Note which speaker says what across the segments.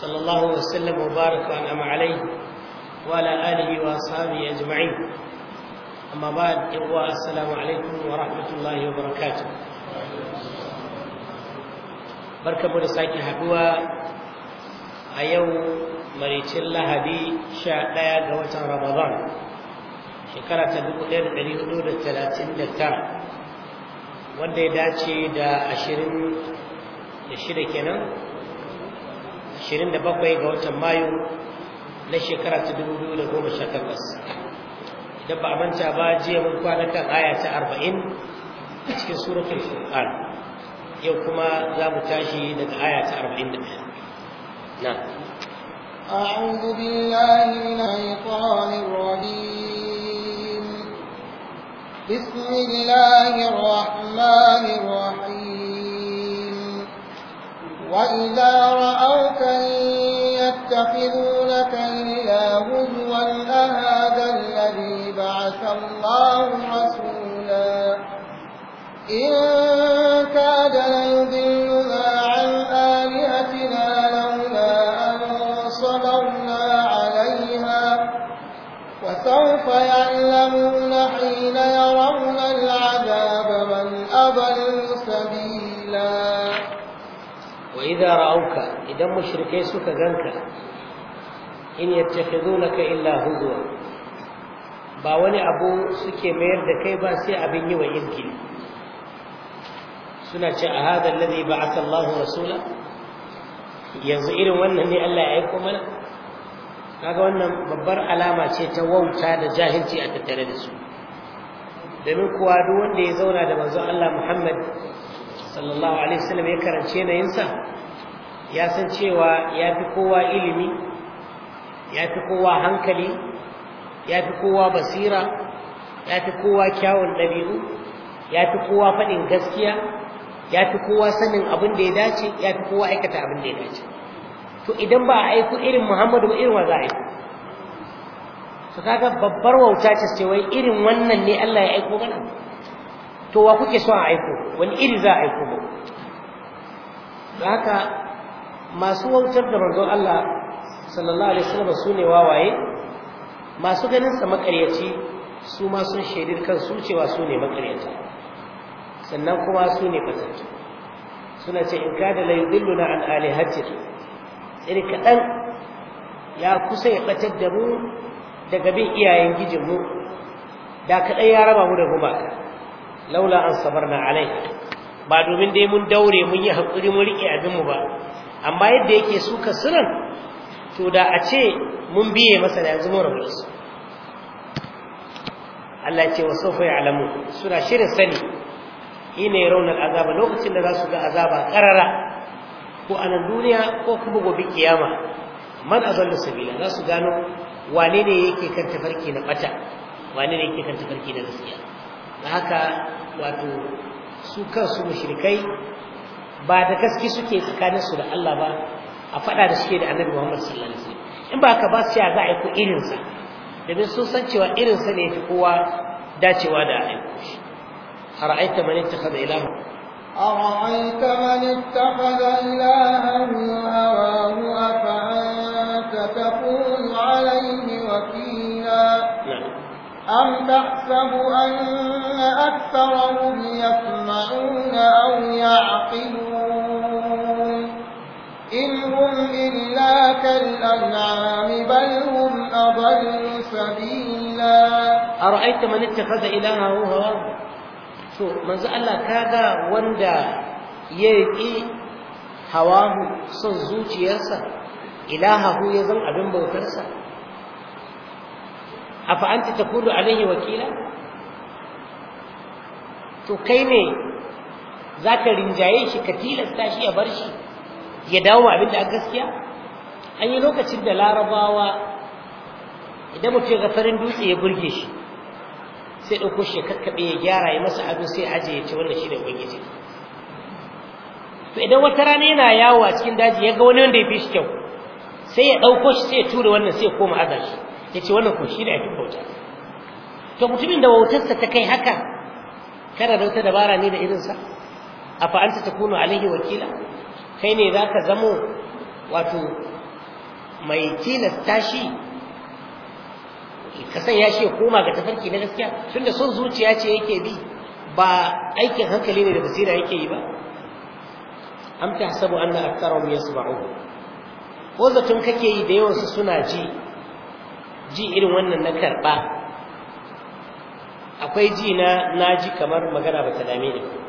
Speaker 1: صلى الله وسلم وبارك وانعم عليه وعلى اله واصحابه اجمعين اما بعد السلام عليكم ورحمه الله وبركاته barka mu da sake haduwa a yau maricin lahadi 11 ga watan ramadan shekara ta 1439 wanda ya dace da 26 kenan 27 ga watan mayu na shekara ta 2018 idan ba a manta ba jiya mun kwana kan aya ta 40 a cikin suratul furqan yau kuma za mu tashi daga aya ta 41 na
Speaker 2: أعوذ بالله من الشيطان الرجيم بسم الله الرحمن الرحيم وإذا رأوك يتخذونك إلا هزوا أهذا الذي بعث الله رسولا إن
Speaker 1: idza ra'auka idan mushrikai suka ganka in yattakhidunaka illa huzwa ba wani abu suke mayar da kai ba sai abin yi wa izgili suna ce a hada ba ba'atha Allahu rasula yanzu irin wannan ne Allah ya aiko mana kaga wannan babbar alama ce ta wauta da jahilci a tattare da su domin kuwa duk wanda ya zauna da manzon Allah Muhammad sallallahu alaihi wasallam ya karance nayinsa ya san cewa ya fi kowa ilimi ya fi kowa hankali ya fi kowa basira ya fi kowa kyawun ɗabi'u ya fi kowa faɗin gaskiya ya fi kowa sanin abin da ya dace ya fi kowa aikata abin da ya dace to idan ba a aiku irin muhammadu ba irin wa za a aiku to kaga babbar wauta ce ce wai irin wannan ne Allah ya aiko mana to wa kuke so a aiko wani iri za a aiko ba haka masu wautar da manzon Allah sallallahu alaihi wasallam su ne wawaye masu ganin sa makaryaci su ma sun kan su cewa su ne makaryata sannan kuma su ne batattu suna ce in kada la yudilluna an alihatik tsiri kaɗan ya kusa ya batar da mu daga bin iyayen gijinmu da kaɗan ya raba mu da gumaka laula an sabarna alai ba domin dai mun daure mun yi haƙuri mun abin mu ba amma yadda yake suka sunan to da a ce mun biye masa da yanzu mora rabu Allah ce wa sawfa alamu suna shirin sani ina raunar azaba lokacin da za su ga azaba karara ko a nan duniya ko kuma gobe kiyama man azalla sabila za su gano wane ne yake kan tafarki na bata wane ne yake kan tafarki na gaskiya da haka wato su kansu mushrikai ba da gaske suke tsakaninsu da Allah ba a faɗa da suke da annabi Muhammad sallallahu alaihi wasallam in ba ka ba su ya za a aiko irinsa domin sun san cewa irinsa ne fi kowa dacewa da aiko shi har aita man ittakhadha ilaha
Speaker 2: أرأيت من اتخذ إلهه هواه أفأنت تكون عليه وكيلا أم تحسب أن أكثرهم يسمعون أو يعقلون إن هم إلا كالأنعام بل هم أضل سبيلا
Speaker 1: أرأيت من اتخذ إلهه هواه to manzo Allah kaga wanda ya riƙi hawahu son zuciyarsa ilahahu ya zama abin bautarsa afa anta takunu alaihi wakila to kai ne zaka rinjaye shi ka tilasta shi ya bar shi ya dawo ma abin da aka gaskiya an yi lokacin da larabawa idan mutum ya ga farin dutse ya burge shi sai ɗauko shi kakkaɓe ya gyara ya masa abin sai aje ya ce wannan shi ne ubangiji to idan wata rana yana yawo a cikin daji ya ga wani wanda ya fi shi kyau sai ya ɗauko shi sai ya tura wannan sai ya koma azar shi ya ce wannan ko shi ne ake bauta to mutumin da wautarsa ta kai haka kana da wata dabara ne da irinsa A fa’anta ta kuno alaihi wakila kai ne za ka zamo wato mai tilasta shi Kasan ya shi koma ga tafarki na gaskiya tunda son zuciya ce yake bi ba aikin hankali ne da basira yake yi ba na aktarar anna aktharahum yasma'un ko zaton kake yi da yawansu suna ji ji irin wannan na karɓa. akwai ji na ji kamar magana ba ta dame ni ba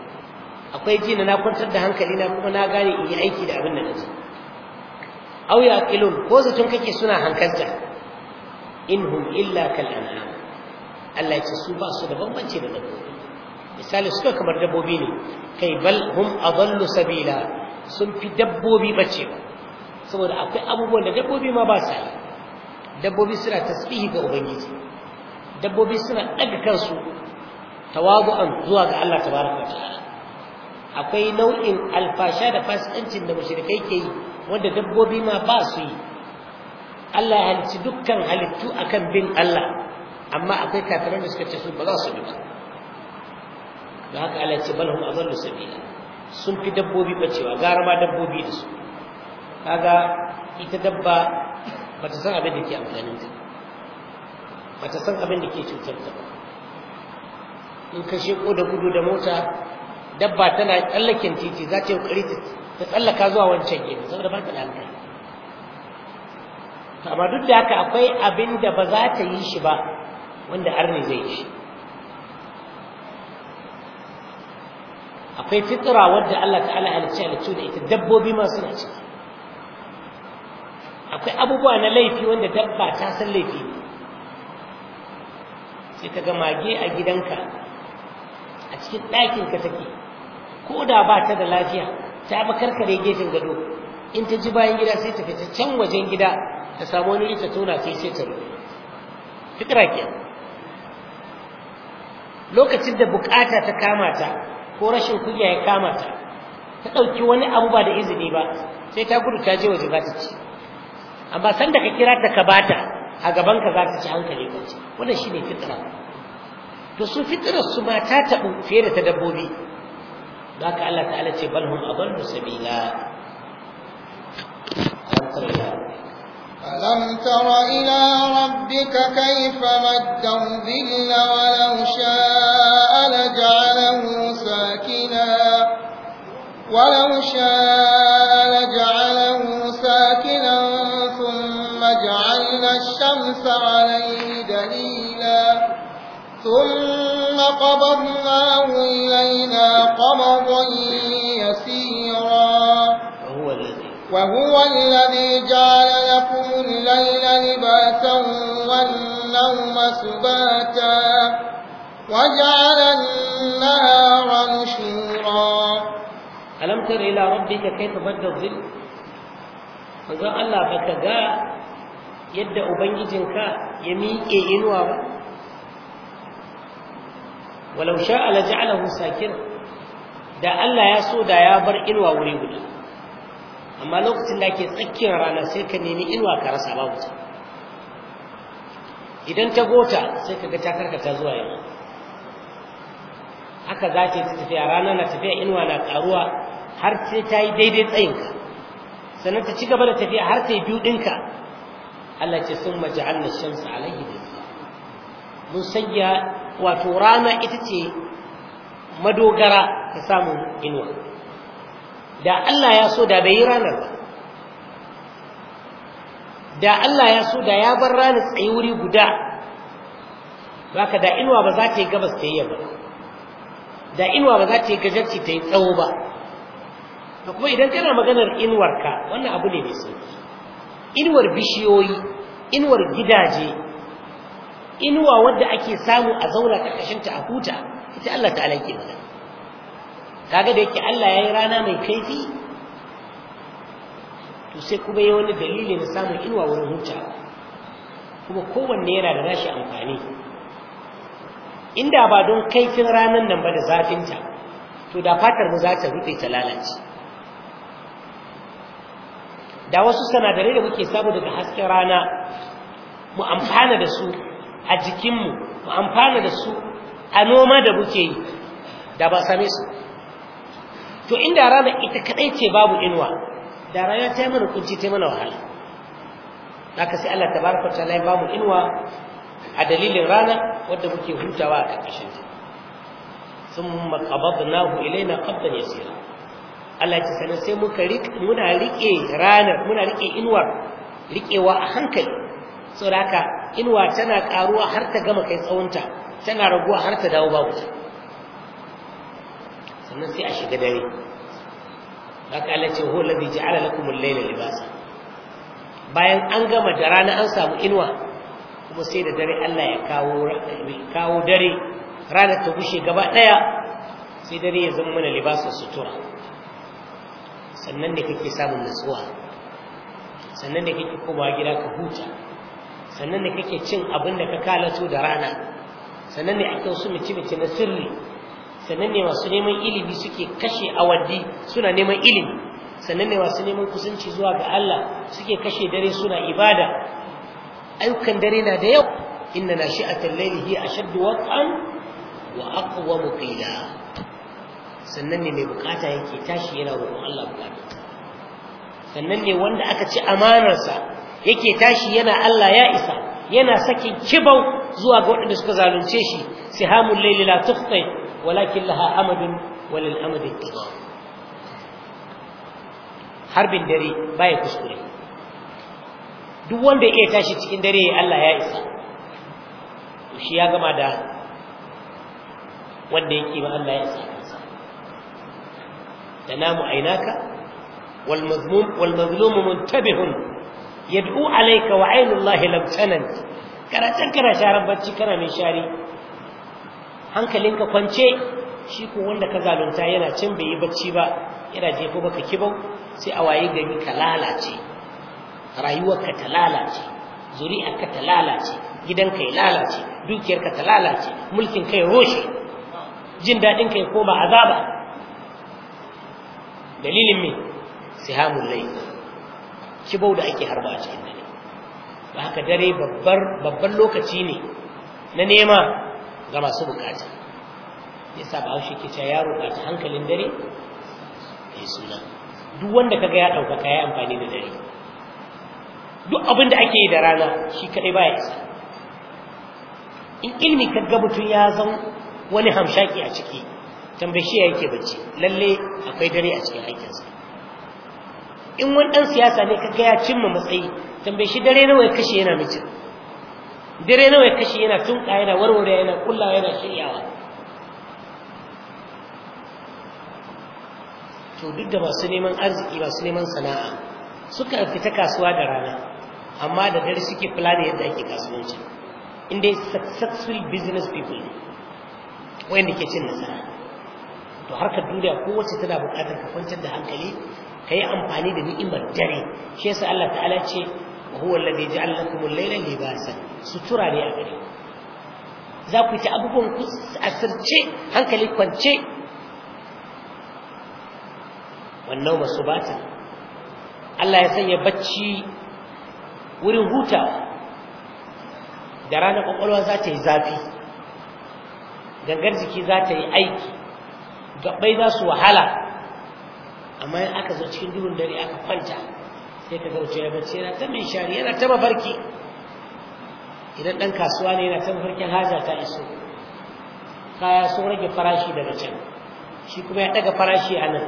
Speaker 1: akwai ji na kwantar da hankali na kuma na gane in yi aiki da abin da na ji aw yaqilun ko zaton kake suna hankalta inhum illa kal an'am Allah ya ce su ba su da bambanci da dabbobi misali suka kamar dabbobi ne kai bal hum adallu sabila sun fi dabbobi bace ba saboda akwai abubuwan da dabbobi ma ba sa yi dabbobi suna tasbihi ga ubangiji dabbobi suna daga kansu tawadu'an zuwa ga Allah tabaraka wa ta'ala akwai nau'in alfasha da fasikancin da mashirkai ke yi wanda dabbobi ma ba su yi Allah ya halici dukkan halittu a kan bin Allah amma akwai kafiran da suka ce su ba za su bi ba da haka Allah ya ce balhum azallu sabila sun fi dabbobi bacewa gara ma dabbobi da su kaga ita dabba bata san abin da ke amfanin ta bata san abin da ke cutar ta ba in ka ko da gudu da mota dabba tana tsallaken titi za ta yi kokari ta tsallaka zuwa wancan gefe saboda ba ta da hankali amma duk da haka akwai abin da ba za ta yi shi ba wanda arni zai yi shi akwai fitra wadda Allah ta'ala halicci halicci da ita dabbobi ma suna ciki akwai abubuwa na laifi wanda dabba ta san laifi ne sai ka ga mage a gidanka a cikin ɗakinka take ko da ba ta da lafiya ta ba karkare gefen gado in ta ji bayan gida sai ta fita can wajen gida ta samu wani rita tona sai sai ta rufe fikira ke lokacin da bukata ta kama ta ko rashin kuya ya kama ta ta ɗauki wani abu ba da izini ba sai ta gudu ta je waje za ta ci amma san da ka kira ta ka bata a gaban ka za ta ci hankali ka ci wannan shine fitira to su fitira su ma ta tabu fiye da ta dabbobi ذاك الله تعالى بل هم اضل سبيلا
Speaker 2: ألم تر إلى ربك كيف مد الظل ولو شاء لجعله ساكنا ولو شاء قبضناه إلينا قبضا يسيرا وهو الذي جعل لكم الليل لباسا والنوم سباتا وجعل النهار نشورا ألم تر إلى ربك
Speaker 1: كيف مد الظل manzon Allah baka ga yadda ubangijinka ya miƙe inuwa ba walau sha la ja'alahu da Allah ya so da ya bar inuwa wuri guda amma lokacin da ke tsakiyar rana sai ka nemi inuwa ka rasa babu ta idan ta gota sai ka ga ta karkata zuwa yau haka za ta yi tafiya rana na tafiya inuwa na karuwa har sai ta yi daidai tsayinka sannan ta ci gaba da tafiya har sai biyu ɗinka Allah ce sun maja'alna shamsa alaihi da mun sanya wato rana ita ce madogara ta samun inuwa da Allah ya so da bai yi ranar ba da Allah ya so da ya bar ranar tsaye wuri guda baka da inuwa ba za ta yi gabas ta yi ba da inuwa ba za ta yi gajarci ta yi tsawo ba da kuma idan kana maganar inuwarka wannan abu ne mai sauki inuwar bishiyoyi inuwar gidaje inuwa wadda ake samu a zaura karkashin ta a huta ita Allah ta alaike mana kaga da yake Allah yayi rana mai kaifi to sai kuma yayi wani dalili na samun inuwa wurin huta, kuma kowanne yana da nashi amfani inda ba don kaifin ranan nan ba da zafinta to da fatar mu za ta rufe ta lalace da wasu sanadarai da muke samu daga hasken rana mu amfana da su a jikinmu mu amfana da su a noma da muke yi da ba same su to inda rana ita kadai ce babu inuwa da rana ta yi mana kunci ta yi mana wahala ka sai Allah tabaraka ta ya bamu inuwa a dalilin rana wadda muke hutawa a karkashin ta thumma qabadnahu ilaina qabdan yasira Allah ya sanar sai muka muna rike ranar muna rike inuwar rikewa a hankali tsoraka haka inuwa tana karuwa har ta gama kai tsawonta tana raguwa har ta dawo babu sannan sai a shiga dare haka Allah ce huwa ladhi ja'ala lakum al-layla libasa bayan an gama da rana an samu inuwa kuma sai da dare Allah ya kawo kawo dare rana ta gushe gaba daya sai dare ya zama mana libasa sutura sannan ne kake samun nutsuwa sannan ne kake komawa gida ka huta sannan ne kake cin abin da ka kalato da rana sannan ne ake wasu mace-mace na sirri sannan ne masu neman ilimi suke kashe awaddi suna neman ilimi sannan ne masu neman kusanci zuwa ga Allah suke kashe dare suna ibada ayyukan dare na da yau inna nashi'atal layli hiya ashaddu wat'an wa aqwamu qila sannan ne mai bukata yake tashi yana roƙon Allah bukata sannan ne wanda aka ci amanarsa yake tashi yana Allah ya isa yana sakin kibau zuwa ga waɗanda suka zalunce shi sihamul laili la tukhti walakin laha amadun walil amad ittiba harbin dare baya kuskure duk wanda ya tashi cikin dare Allah ya isa to shi ya gama da wanda yake ba Allah ya isa kansa tanamu ainaka wal mazmum wal mazlum muntabihun yad'u alayka wa aynullahi lam tanant kana kana sharan bacci kana mai shari hankalinka kwance shi ko wanda ka zalunta yana can bai yi bacci ba yana jefo baka kibau sai a waye gari ka lalace rayuwarka ta lalace zuri'arka ta lalace gidanka ya lalace dukiyarka ta lalace mulkin kai roshe jin daɗin ya koma azaba dalilin mai sihamul layl kibau da ake harba a cikin dare ba haka dare babban lokaci ne na nema ga masu bukata yasa ba haushe ke ta yaro ɗauki hankalin dare ya yi suna duk wanda kaga ya ɗaukaka ya amfani da dare duk abin da ake yi da rana shi kaɗai baya isa in ilmi ga mutum ya zan wani hamshaki a ciki tambashi ya yake bacci lalle akwai dare a cikin aikinsa in wani ɗan siyasa ne kaga ya cimma matsayi tambaye shi dare nawa ya kashe yana mijin dare nawa ya kashe yana tunka yana warware yana kullawa yana shiryawa to duk da masu neman arziki masu neman sana'a suka fita kasuwa da rana amma da dare suke kula da yadda ake kasuwanci in dai successful business people ne ke cin nasara to harkar duniya kowace tana buƙatar ka kwantar da hankali kayi amfani da ni'imar dare shi yasa Allah ta'ala ce huwa alladhi ja'ala lakum al-layla libasan sutura ne a gare za ku ta abubuwan ku asirce hankali kwance wannan ba su Allah ya sanya bacci wurin huta da ranar kwakwalwa za ta yi zafi gangar jiki za ta yi aiki gabbai za su wahala amma in aka zo cikin duhun dare aka kwanta sai ka gauce ya bacci yana ta mai shari yana ta mafarki idan ɗan kasuwa ne yana ta mafarkin haja ta iso kaya sun rage farashi daga can shi kuma ya ɗaga farashi a nan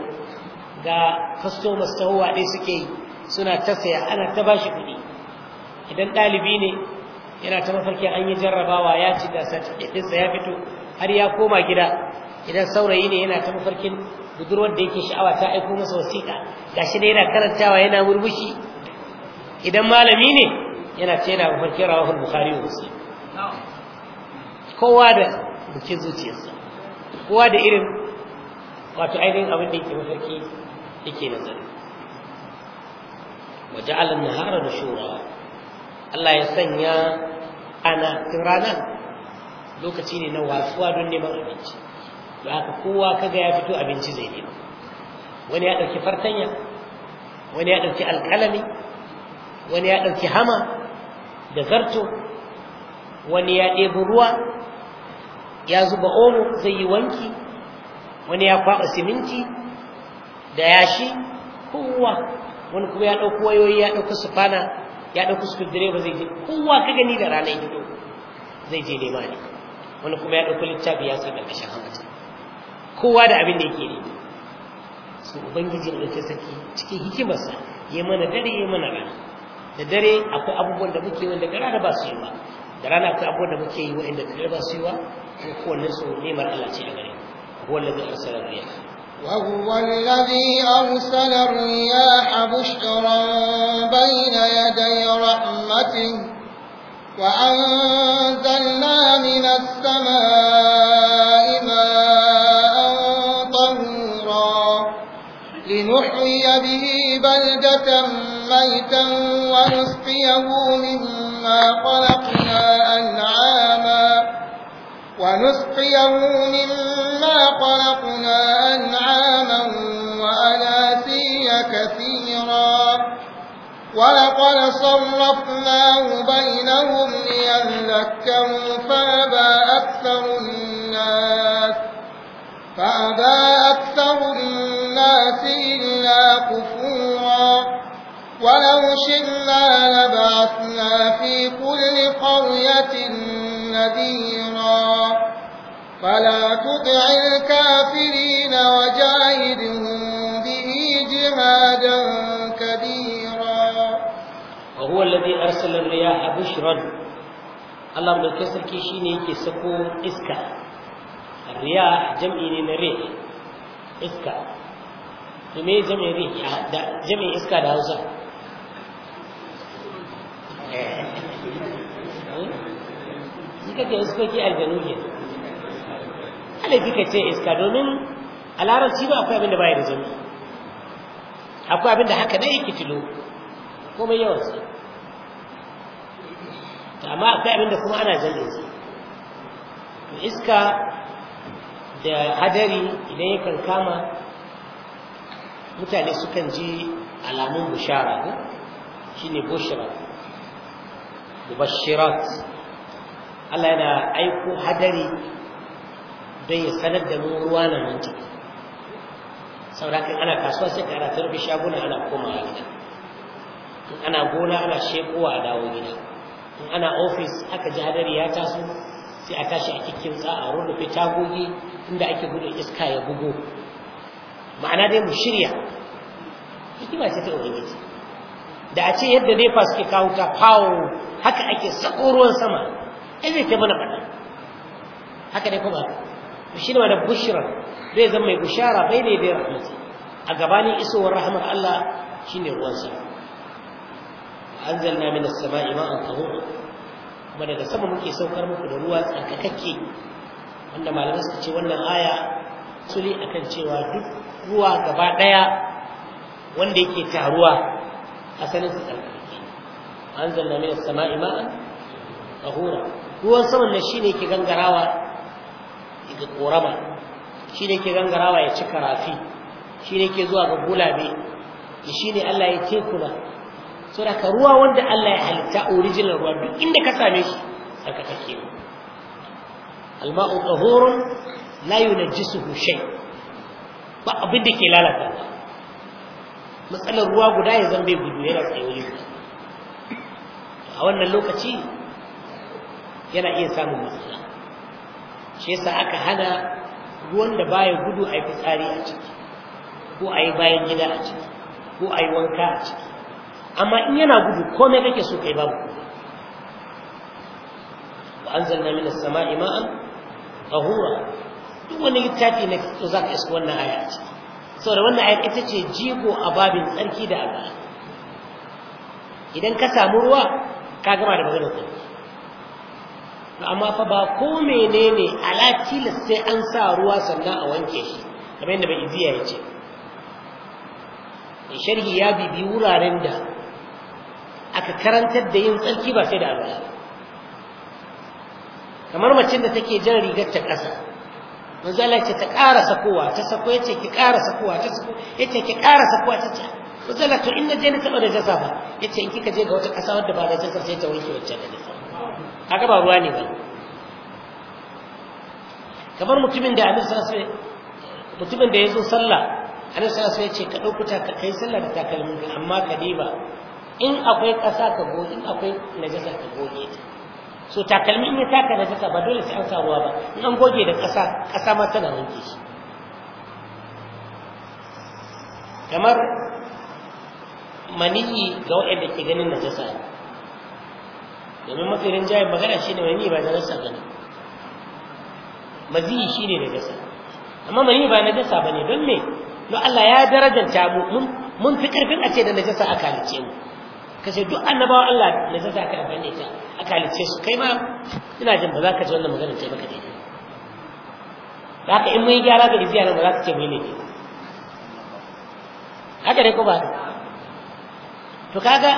Speaker 1: ga customers ta huwa ɗai suke yi suna ta saya ana ta ba shi kuɗi idan ɗalibi ne yana ta mafarki an yi jarrabawa ya ci da ɗinsa ya fito har ya koma gida idan saurayi ne yana ta mafarkin budurwar da yake sha'awa ta aiko masa wasiƙa gashi ne yana karantawa yana murmushi idan malami ne yana ce yana mafarki rawahul bukhari wa muslim kowa da bukin zuciyarsa kowa da irin wato ainihin abin da yake mafarki yake nazari waje alin nahara da shura Allah ya sanya ana tun ranar lokaci ne na wasuwa don neman abinci da aka kowa kaga ya fito abinci zai nema wani ya ɗauki fartanya wani ya ɗauki alƙalami wani ya ɗauki hama da zarto wani ya ɗebi ruwa ya zuba omo zai yi wanki wani ya kwaɓa siminti da yashi kowa wani kuma ya ɗauki wayoyi ya ɗauki sufana ya ɗauki ba zai je kowa ka gani da ranar gido zai je nema ne wani kuma ya ɗauki littafi ya sa ƙarƙashin hannu kowa da abin da yake ne su ubangiji da ta saki cikin hikimarsa ya mana dare ya mana rana da dare akwai abubuwan da muke wanda gara da ba su yi ba da rana akwai abubuwan da muke yi wanda gara ba su yi ba ko kowanne su nemar Allah ce da gare wanda zai arsala riyah
Speaker 2: وهو الذي أرسل الرياح بشرا بين يدي رحمته وأنزلنا من السماء بلدة ميتا ونسقيه مما خلقنا أنعاما ونسقيه مما خلقنا أنعاما وأناسي كثيرا ولقد صرفناه بينهم ليذكروا فأبى أكثر الناس فأبى أكثر الناس الناس إلا كفورا ولو شئنا لبعثنا في كل قرية نذيرا فلا تطع الكافرين وجاهدهم به جهادا كبيرا
Speaker 1: وهو الذي أرسل الرياح بشرا الله من الكسر كيشيني yake sako إسكا الرياح jam'i ne إسكا to me jami'in jami'in iska da hausa
Speaker 3: eh. shi kake iskoki aljanu ke alaji
Speaker 1: ka ce iska domin a larabci ba akwai abin da baya da jami'i. akwai abin da haka dai yake tilo komai yawansa amma akwai abin da kuma ana jami'in su iska da hadari idan yakan kama mutane sukan ji alamun bushara ne shine bushrat mubashirat Allah yana aiko hadari don ya sanar da mu ruwa na nan tafi saboda ana kasuwa sai ka ratar tarbi shaguna ana koma gida in ana gona ana shekowa a dawo gida in ana ofis aka ji hadari ya taso sai a tashi a kikkin tsa a rurrufe tagogi inda ake gudun iska ya bugo ma'ana dai mu shirya hikima ce ta ubangiji da a ce yadda nefa suke kawo ta fawo haka ake sako ruwan sama ai zai kai mana bana haka dai kuma shi ne wannan bushra zai zama mai bushara bai ne bai rahmati a gabanin isowar rahmar Allah shine ruwan sama anzalna minas sama'i ma'an tahur kuma daga sama muke saukar muku da ruwa tsarkakakke wanda malamai suka ce wannan aya actually akan cewa duk ruwa gaba daya wanda yake taruwa sanin su tsarkake an min as-sama'i ma'an hura. ruwan saman shi ne ke gangarawa daga korama ne ke gangarawa ya cika rafi ne ke zuwa ga gulabe ne Allah ya tekuna da ka ruwa wanda Allah ya halitta original ruwa duk inda ka same shi tsarkake ne al-ma'u la yunajjisuhu shay ba abin da ke lalata ba, matsalar ruwa guda ya zambe gudu yana tsaye a wannan lokaci yana iya samun matsala shi yasa aka hana ruwan da baya gudu a yi fitsari a ciki ko a yi bayan gida a ciki ko a yi wanka a ciki amma in yana gudu komai kake so kai babu an anzalna mini sama'i ma'an tahura duk wani littafi na fito za ka iska wannan aya ce saboda wannan aya ita ce jigo a babin tsarki da alwala idan ka samu ruwa ka gama da maganar tsarki amma fa ba ko menene ala tilas sai an sa ruwa sannan a wanke shi kamar yadda bai iziya ya ce sharhi ya bibi wuraren da aka karantar da yin tsarki ba sai da alwala kamar macin da take jan rigar ta ƙasa manzo Allah ce ta ƙara sakowa ta sako yace ki ƙara sakowa ta sako yace ki ƙara sakowa ta ce manzo Allah to in na je taɓa da jasa ba yace in kika je ga wata ƙasa wadda ba da jasa sai ta wanke wacce da jasa kaga ba ruwa ne ba kamar mutumin da Annabi sallallahu alaihi wasallam mutumin da yazo sallah Annabi sallallahu alaihi wasallam ya ce ka dauko ta ka kai sallah da takalmin ka amma ka diba in akwai ƙasa ka goge in akwai najasa ka goge ta so takalmi in ya taka da sasa ba dole sai an sa ruwa ba in an goge da ƙasa ƙasa ma tana wanke shi kamar maniyi ga waɗanda ke ganin najasa ne domin mafirin rinjaye magana shi ne maniyi ba najasa ba ne maziyi shi ne najasa amma maniyi ba najasa ba ne don me don Allah ya darajanta mu mun fi ƙarfin a ce da najasa aka halice mu aka ce duk annabawa Allah da zai aka amfani da ita aka halice su kai ma ina jin ba za ka ji wannan maganar ce maka daidai da haka in mun yi gyara ga iziya nan ba za ka ce mai ne laifi haka dai ko ba to kaga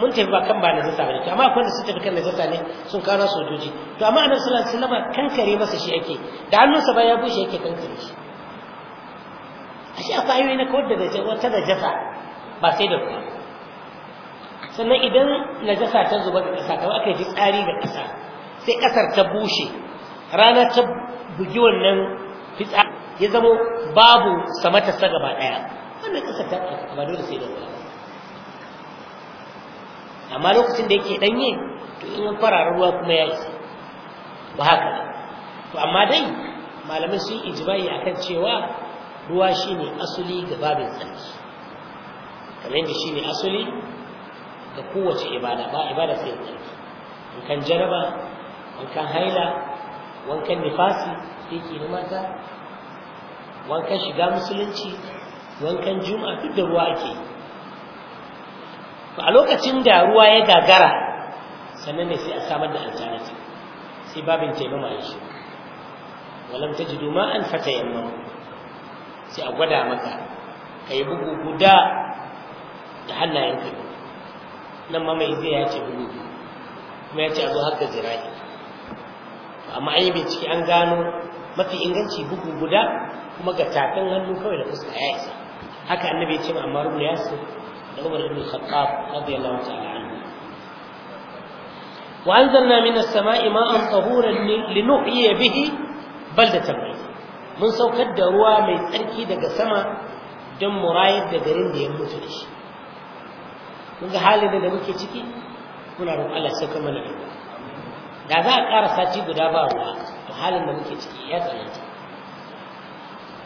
Speaker 1: mun tafi ba kan ba na zasa bane to amma akwai da sun tafi kan na zasa ne sun kawo nasu sojoji to amma annabi sallallahu alaihi wasallam kankare masa shi yake da hannunsa ba ya bushe yake kankare shi shi akwai ayoyi na kawar da wata da jasa ba sai da kuma sannan idan najasa ta zuba da ƙasa kamar aka yi tsari ga ƙasa sai ƙasar ta bushe rana ta bugi wannan fitsa ya zamo babu samatarsa gaba ɗaya wannan ƙasar ta ba dole sai da ƙasa amma lokacin da yake ɗanye to in fararen ruwa kuma ya isa ba haka ba, to amma dai malamai sun ijimai akan cewa ruwa shine asali ga babin tsarki kamar yadda shine asali. ga kowace ibada ba ibada sai da wankan jaraba wankan haila wankan nifasi ke na mata wankan shiga musulunci wankan juma'a duk da ruwa ake to a lokacin da ruwa ya gagara sannan ne sai a samar da alternative sai babin taimama ya shi walam tajidu fata yamma, sai a gwada maka kai bugu guda da hannayenka nan ma mai zai ya ce bulu kuma ya ce a zo har da zirahi amma an yi bincike an gano mafi inganci bugu guda kuma ga tafin hannu kawai da fuska ya isa haka annabi ya ce ma amma rubu su da umar ibn khattab radiyallahu ta'ala anhu wa anzalna min as-sama'i ma'an tahuran nuhyiya bihi baldatan mai mun saukar da ruwa mai tsarki daga sama don murayar da garin da ya mutu da shi kun ga halin da muke ciki muna roƙon Allah sai kuma na da za a ƙara sati guda ba ruwa to halin da muke ciki ya tsananta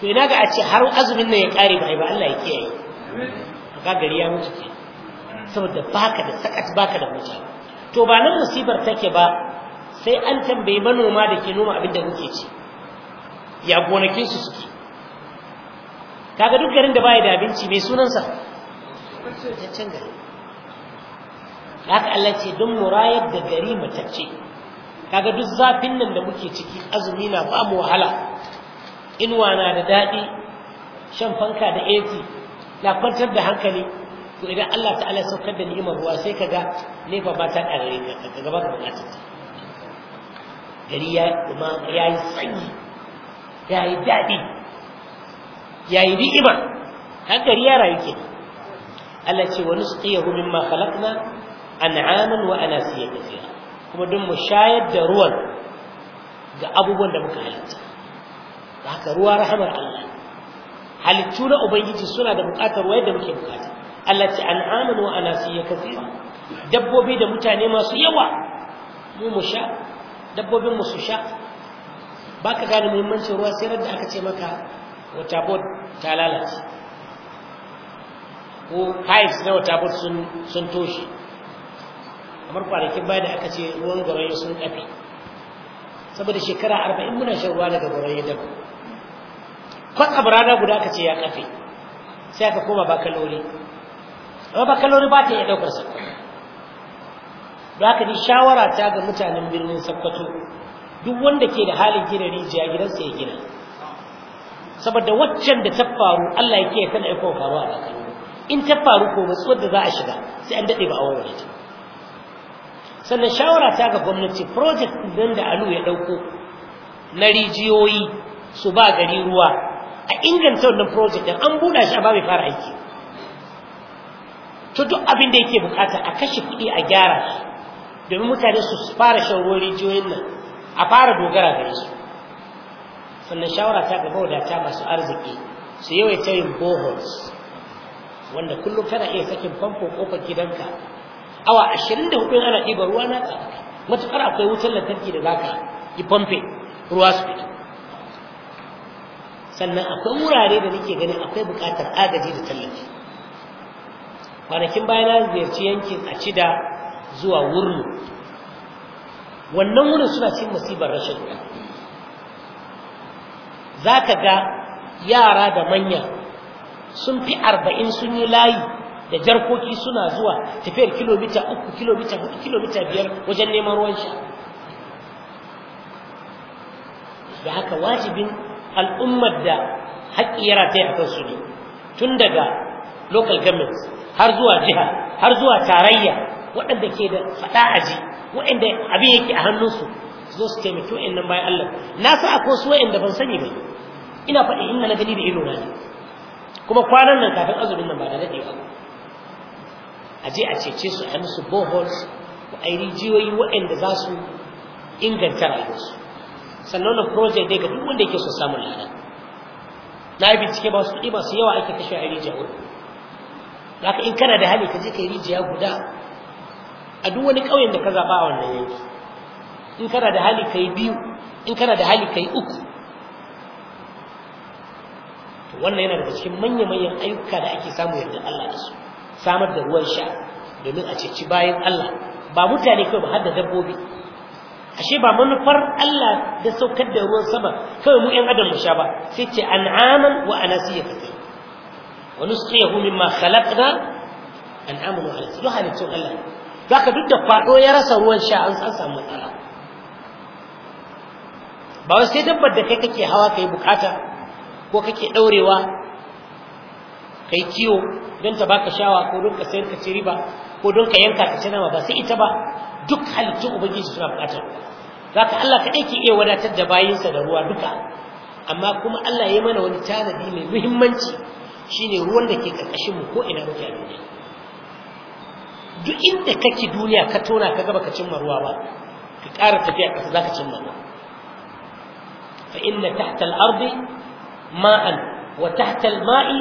Speaker 1: to ina ga a ce har azumin nan ya ƙare ba ba Allah ya kiyaye ka gari ya mutu ke saboda baka da sakat baka da huta to ba nan musibar take ba sai an tambayi manoma da ke noma abin da muke ci ya gonakin su suke kaga duk garin da baya da abinci mai sunansa can gari haka Allah ce don murayar da gari matacce kaga duk zafin nan da muke ciki azumi na ba mu wahala inuwa na da daɗi shan fanka da AC na kwantar da hankali to idan Allah ta'ala saukar da ni'imar ruwa sai kaga nefa ba ta ƙarare ka gaba ka buƙata ta gari ya kuma ya yi sanyi ya yi daɗi ya yi ni'ima har gari ya rayu ke Allah ce wani su iya hulun ma halakna an'aman wa anasiya kathira kuma don mu shayar da ruwan ga abubuwan da muka halitta haka ruwa rahmar Allah halittu na ubangiji suna da bukatar ruwa yadda muke bukata Allah ce an'aman wa anasiya kathira dabbobi da mutane masu yawa mu mu sha dabbobin mu su sha baka gane muhimmancin ruwa sai da aka ce maka wata bot ta lalace ko pipes na wata bot sun toshe kamar kwanakin baya da aka ce ruwan gwarayya sun ƙafe saboda shekara arba'in muna shan ruwa daga gwarayya dam kwatsam rana guda aka ce ya ƙafe sai aka koma bakalori amma bakalori ba ta iya ɗaukar sa don haka ni shawara ta ga mutanen birnin sakkwato duk wanda ke da halin gina rijiya gidansa ya gina saboda waccan da ta faru Allah ya kiyaye tana kowa faruwa a kan in ta faru ko matsuwar da za a shiga sai an daɗe ba a warware ta sannan shawara ta ga gwamnati project ɗin da alu ya ɗauko na rijiyoyi su ba gari ruwa a inganta wannan project ɗin an buɗa shi a ba fara aiki to duk abin da yake bukata a kashe kuɗi a gyara shi domin mutane su fara shan ruwan rijiyoyin nan a fara dogara gare su sannan shawara ta gaba wadata masu arziki su yawaita yin boholes wanda kullum kana iya sakin famfo kofar gidanka awa 24 in ana ɗiba ruwa na tsaka matuƙar akwai wutar lantarki da zaka yi famfe ruwa su fito sannan akwai wurare da nake ganin akwai buƙatar agaji da tallafi kwanakin baya na ziyarci yankin a cida zuwa wurnu wannan wurin suna cin musibar rashin ruwa za ka ga yara da manya sun fi arba'in sun yi layi da jarkoki suna zuwa tafiyar kilomita uku kilomita hudu kilomita biyar wajen neman ruwan sha da haka wajibin al'ummar da haƙƙiyara ta yi a kansu ne tun daga local government har zuwa jiha har zuwa tarayya waɗanda ke da faɗa a ji, waɗanda abin yake a hannunsu zo su taimaki waɗannan bayan Allah na sa akwai su waɗanda ban sani ba ina faɗi inda na gani da ido na kuma kwanan nan kafin azumin nan ba da daɗewa ba a je a cece su a musu boholes a yi rijiyoyi waɗanda za su inganta rayuwarsu sannan na project dai ga duk wanda yake so samun lada na yi bincike ba su kuɗi masu yawa ake kashe a rijiya uku haka in kana da hali ka je ka yi rijiya guda a duk wani ƙauyen da ka zaɓa a wannan yanki in kana da hali ka yi biyu in kana da hali ka yi uku wannan yana daga cikin manya-manyan ayyuka da ake samu yadda Allah da su samar da ruwan sha domin a ceci bayan Allah ba mutane kawai ba har da dabbobi ashe ba manufar Allah da saukar da ruwan sama kawai mu ƴan adam mu sha ba sai ce an'aman wa anasiya kace wa nusqihu mimma khalaqna an'aman wa anasiya ya halittun Allah zaka duk da fado ya rasa ruwan sha an san samu matsala ba wai sai dabbar da kai kake hawa kai bukata ko kake daurewa kai kiwo don ta baka shawa ko don ka sayar ka ci riba ko don ka yanka ka ci nama ba sai ita ba duk halittun ubangiji suna bukatar zaka Allah kaɗai ke iya wadatar da bayinsa da ruwa duka amma kuma Allah ya mana wani tanadi mai muhimmanci shine ruwan da ke karkashin mu ko ina muke a duniya duk inda kake duniya ka tona ka gaba ka cimma ruwa ba ka ƙara tafiya ƙasa za ka cimma ruwa fa inna tahta al-ardi ma'an wa tahta al-ma'i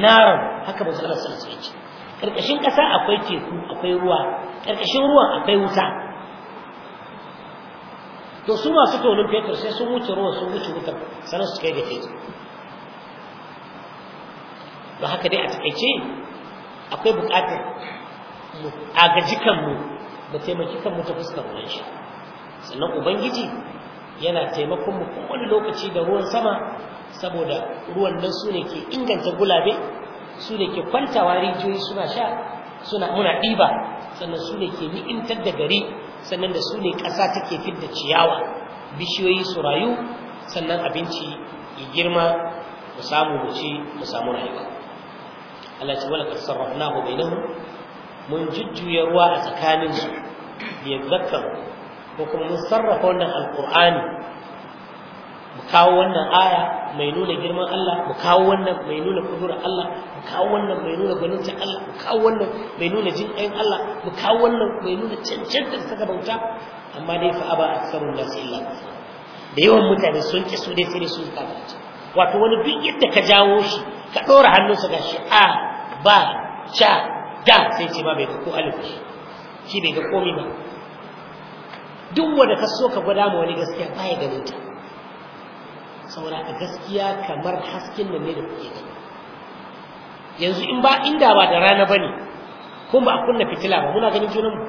Speaker 1: naran haka manzo Allah sallallahu alaihi wasallam karkashin ƙasa akwai teku akwai ruwa karkashin ruwa akwai wuta to su masu tonin fetur sai sun wuce ruwan sun wuce wutar sannan su kai ga fetur to haka dai a takaice akwai bukatar mu agaji kanmu da taimaki kanmu ta fuskar ruwan shi sannan ubangiji yana taimakon mu kowane lokaci da ruwan sama saboda ruwan nan su ne ke inganta gulabe su da ke kwantawa rijiyoyi suna sha suna muna ɗiba sannan su ne ke ni'imtar da gari sannan da su ne ƙasa take fidda ciyawa bishiyoyi su rayu sannan abinci ya girma mu samu mu ci mu samu rayuwa Allah ce wala kasarrafnahu bainahum mun jujjuya ruwa a tsakaninsu. su bi ko kuma mun sarrafa wannan alqur'ani mu kawo wannan aya mai nuna girman Allah mu kawo wannan mai nuna kudurar Allah mu kawo wannan mai nuna gwaninta Allah mu kawo wannan mai nuna jin ɗayan Allah mu kawo wannan mai nuna cancanta da saka bauta amma dai fa aba aksarun nasu illa da yawan mutane sun ki su dai sai sun kafirce wato wani duk yadda ka jawo shi ka ɗora hannunsa ga shi a ba cha da sai ce ma bai ga ko alif shi bai ga komi ba duk wanda ka so ka gwada ma wani gaskiya baya ganin ta saura a gaskiya kamar hasken nan ne da kuke gani yanzu in ba inda ba da rana bane ko ba a kunna fitila ba muna ganin junan mu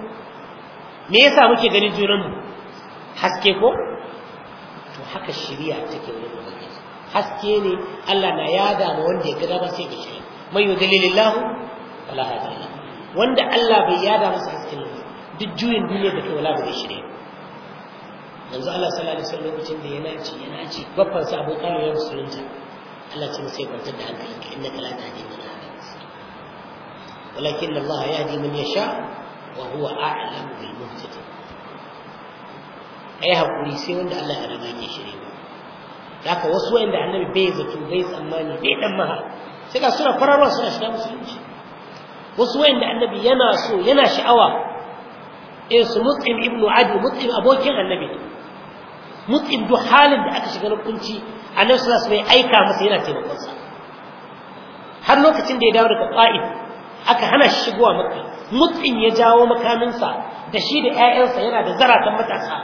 Speaker 1: me yasa muke ganin junan mu haske ko to haka shari'a take wurin ubangiji haske ne Allah na yada ma wanda ya gada ba sai da shi mai yudlilillahu wala hadiya wanda Allah bai yada masa hasken nan duk juyin duniya da kai wala ba zai shirya yanzu Allah sallallahu alaihi wasallam lokacin da yana ci yana ci babban sa Abu Talib ya musulunta Allah ce sai kwantar da hankali, ka hankalinka innaka la tahdi man ahbabta walakin Allah yahdi man yasha wa huwa a'lamu bil muhtadin ai hakuri sai wanda Allah ya rama ya shirye mu haka wasu wanda annabi bai zato bai tsammani bai dan maha sai ga suna fararwa suna shiga musulunci wasu wanda annabi yana so yana sha'awa in su mut'im ibnu adu mut'im abokin annabi mutsin duk halin da aka shiga rukunci a annabi sallallahu alaihi wasallam aika masa yana taimakon sa har lokacin da ya dawo daga qa'id aka hana shi shigowa makka mutsin ya jawo makaminsa da shi da ƴaƴansa yana da zaratan matasa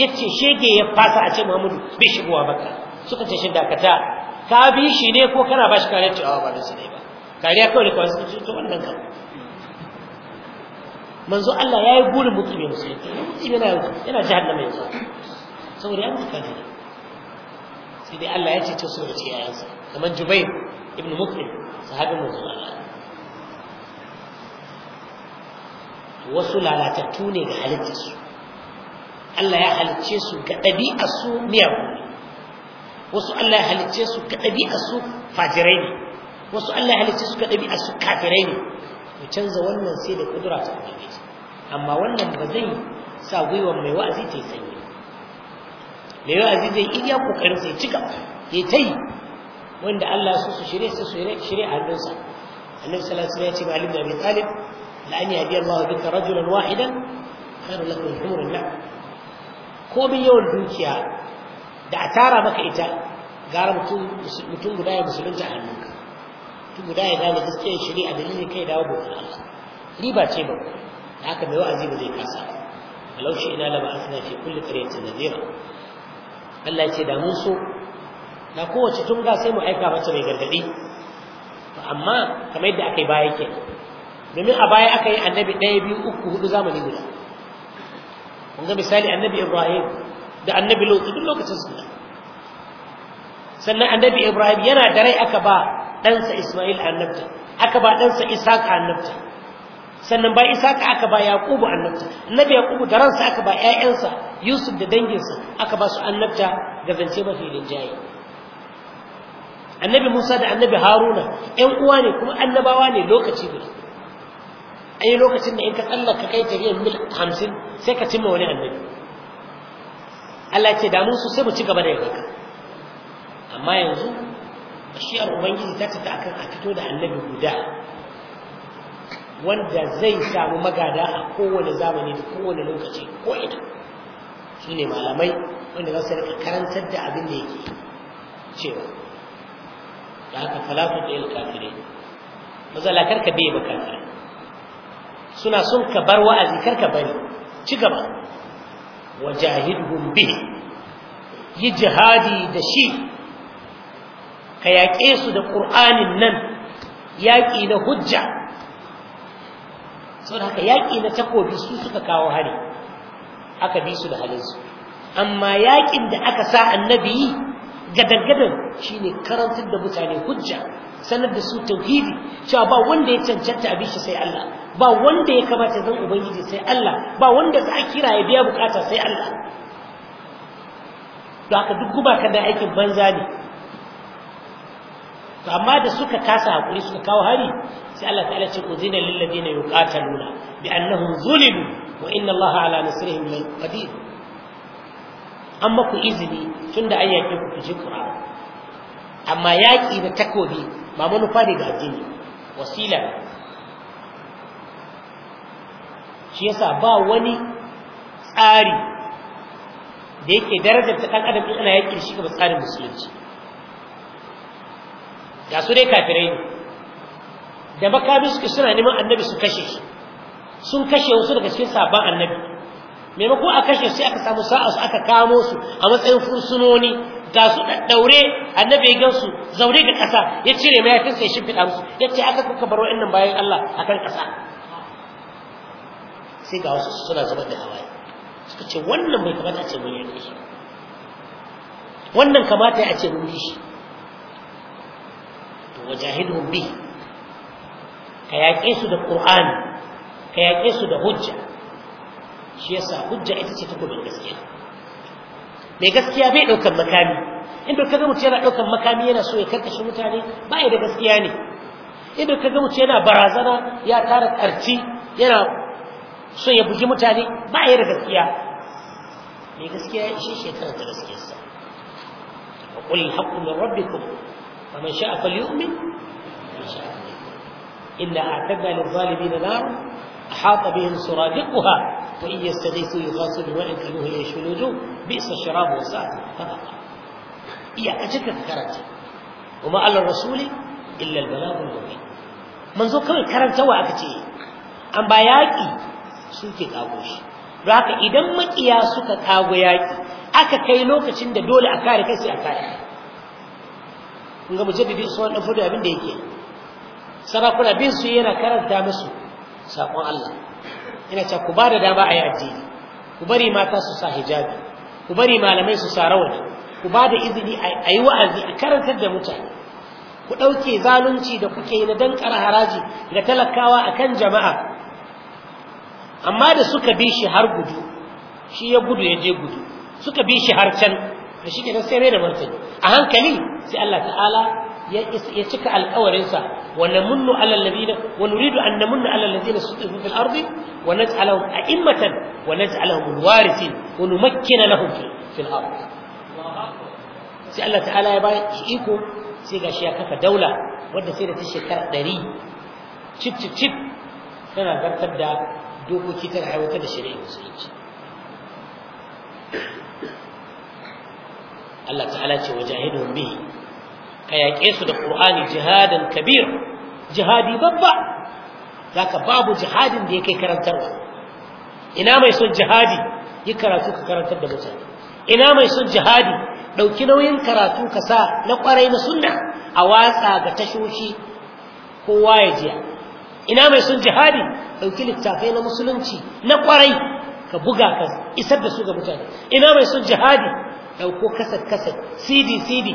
Speaker 1: yace shege ya fasa a ce Muhammadu bai shigowa makka suka ce shi dakata ka bi shi ne ko kana ba shi kariya cewa a ba da su ne ba kariya kawai da kawai su ce to wannan kan manzo Allah yayi burin mutum ya musulunci mutum yana yana jahannama yanzu saboda ya mutu kafiri sai dai Allah ya ce ta so da ya yayansa kamar Jubair ibn Mut'im sahabin manzon Allah wasu lalatattu ne ga halittarsu Allah ya halicce su ga ɗabi'ar su miyagu wasu Allah ya halicce su ga ɗabi'ar su fajirai ne wasu Allah ya halicce su ga ɗabi'ar su kafirai ne mu canza wannan sai da kudura ta ubangiji amma wannan ba zai sa gwiwar mai wa'azi ta yi sanyi mai wa'azi zai iya kokarin sai cika ya ta yi wanda Allah su su shirye su shirye a hannunsa annabi sallallahu alaihi wasallam ya ce ma'alim da abi talib la an yahdi Allah bika rajulan wahidan khairu lakum min humurin na'am ko bin yawan dukiya da a tara maka ita gara mutum mutum guda ya musulunta a hannunka mutum guda ya gane gaskiyar shari'a dalilin kai dawo bautar Allah riba ce ba da haka mai wa'azi ba zai kasa ba ولو شئنا لبعثنا في كل قرية نذيرا Allah ya ce da mun so na kowace tunga sai mu aika mata mai gargadi amma kamar yadda aka yi baya ke domin a baya aka yi annabi ɗaya biyu uku hudu zamani guda kun ga misali annabi ibrahim da annabi lot duk lokacin su sannan annabi ibrahim yana da rai aka ba ɗansa ismail annabta aka ba ɗansa isaka annabta sannan ba Isa ka aka ba yaqubu annabta annabi yaqubu da ransa aka ba ƴaƴansa yusuf da danginsa aka ba su annabta da zance mafi rinjaye annabi musa da annabi haruna ƴan uwa ne kuma annabawa ne lokaci guda ai lokacin da in ka tsalla ka kai tafiyar mil hamsin sai ka cimma wani annabi Allah ce da musu sai mu ci gaba da yin haka amma yanzu shi'ar ubangiji ta ce ta akan a fito da annabi guda wanda zai samu magada a kowane zamani da kowane lokaci ko ina ne malamai wanda za su rika karantar da abin da yake cewa da haka falatu da kafirai mazala karka ka ba kafirai suna son ka bar wa'azi karka bari ci gaba wajahidhum bi yi jihadi da shi ka yaƙe su da ƙur'anin nan yaƙi na hujja saboda haka yaƙi na takobi su suka kawo hari aka bi su da halinsu amma yaƙin da aka sa annabi yi gadan shine karantar da mutane hujja sanar da su tauhidi cewa ba wanda ya cancanta abin shi sai Allah ba wanda ya kamata zan ubangiji sai Allah ba wanda za a kira ya biya bukata sai Allah Da haka duk guba da aikin banza ne to amma da suka kasa hakuri suka kawo hari sai Allah ta'ala ce uzina lil ladina yuqataluna bi annahum zulimu wa inna Allah ala nasrihim qadir amma ku izini tunda an yaƙi ku ji Qur'an amma yaƙi da takobi ba manufa ne ga addini wasila shi yasa ba wani tsari da yake darajar ta ɗan adam in ana yaki shi ga tsarin musulunci ga su dai kafirai ne da makamin suka suna neman annabi su kashe shi sun kashe wasu daga cikin sabon annabi maimako a kashe sai aka samu sa'a su aka kamo su a matsayin fursunoni ga su daddaure annabi ya gan su zaure ga ƙasa ya cire mayafinsa ya fida musu ya ce aka kuka bar wa'annan bayan Allah akan ƙasa sai ga wasu suna zubar da hawaye suka ce wannan bai kamata a ce mun yi shi wannan kamata ya ce mun yi shi wajahidhum bi ka yaƙe su da qur'ani ka su da hujja shi yasa hujja ita ce ta takobin gaskiya mai gaskiya bai ɗaukar makami in ka ga mutum yana ɗaukar makami yana so ya karkashe mutane ba ya da gaskiya ne in ka ga mutum yana barazana ya tara ƙarci yana so ya bugi mutane ba ya da gaskiya mai gaskiya shi shekarar da gaskiyarsa وقل الحق من ربكم فمن شاء فليؤمن ومن شاء فليؤمن إنا أعتدنا للظالمين نارا أحاط بهم سرادقها وإن يستغيثوا يغاثوا بماء كالمهل يشوي الوجوه بئس الشراب وساءت مرتفقا iyakacin ka karanta kuma Allah rasuli illa albalagul mubin manzo kawai karantawa aka ce an ba yaki suke kago shi don haka idan makiya suka kago yaƙi, aka kai lokacin da dole a kare kai sai a kare ga mujaddidi usman dan fudu abin da yake sarakuna bin su yana karanta musu sakon Allah ina cewa ku bada dama a yi addini ku bari mata su sa hijabi ku bari malamai su sa rawani ku bada izini a yi wa'azi a karantar da mutane ku ɗauke zalunci da kuke yi na dankar haraji ga talakawa akan jama'a amma da suka bi shi har gudu shi ya gudu ya je gudu suka bi shi har can to shi kenan sai mai da martani a hankali sai Allah ta'ala ya cika alƙawarinsa wa namunnu ala alladhina wa nuridu an namunnu ala alladhina sutifu fil ardi wa naj'alahum a'immatan wa naj'alahum alwarithin wa numakkina lahum fil ardi sai Allah ta'ala ya bayan iko sai gashi ya kafa daula wadda sai da ta shekara ɗari, cip cip cip tana zartar da dokoki tana aiwatar da shari'a musulunci Allah ta'ala ce wajahiduhum bihi ka yaƙe su da Qur'ani jihadan kabir jihadi babba zaka babu jihadin da yake karantarwa ina mai son jihadi yi karatu ka karantar da mutane ina mai son jihadi dauki nauyin karatu ka sa na kwarai na sunna a watsa ga tashoshi kowa ya jiya ina mai son jihadi dauki littafai na musulunci na kwarai ka buga ka isar da su ga mutane ina mai son jihadi Dauko kasar kasar cd cd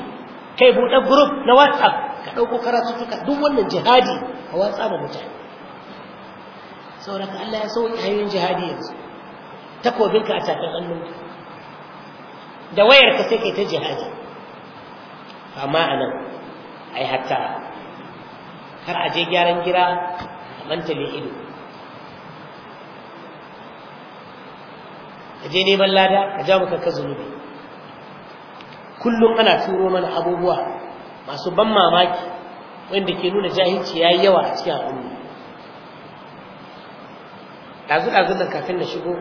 Speaker 1: kai buɗe group na whatsapp ka ɗauko karatuttuka duk wannan jihadi a whatsapp ba mutane saboda ka Allah ya sauke hanyoyin jihadi yanzu takobinka a tafin hannunka da wayar ka sai kai ta jihadi amma a nan ai hattara kar a je gyaran gira a manta mai ido ka je neman lada a ja maka ka zunubi kullum ana turo mana abubuwa masu ban mamaki wanda ke nuna jahilci ya yi yawa a cikin al'umma ɗazu-ɗazu da kafin na shigo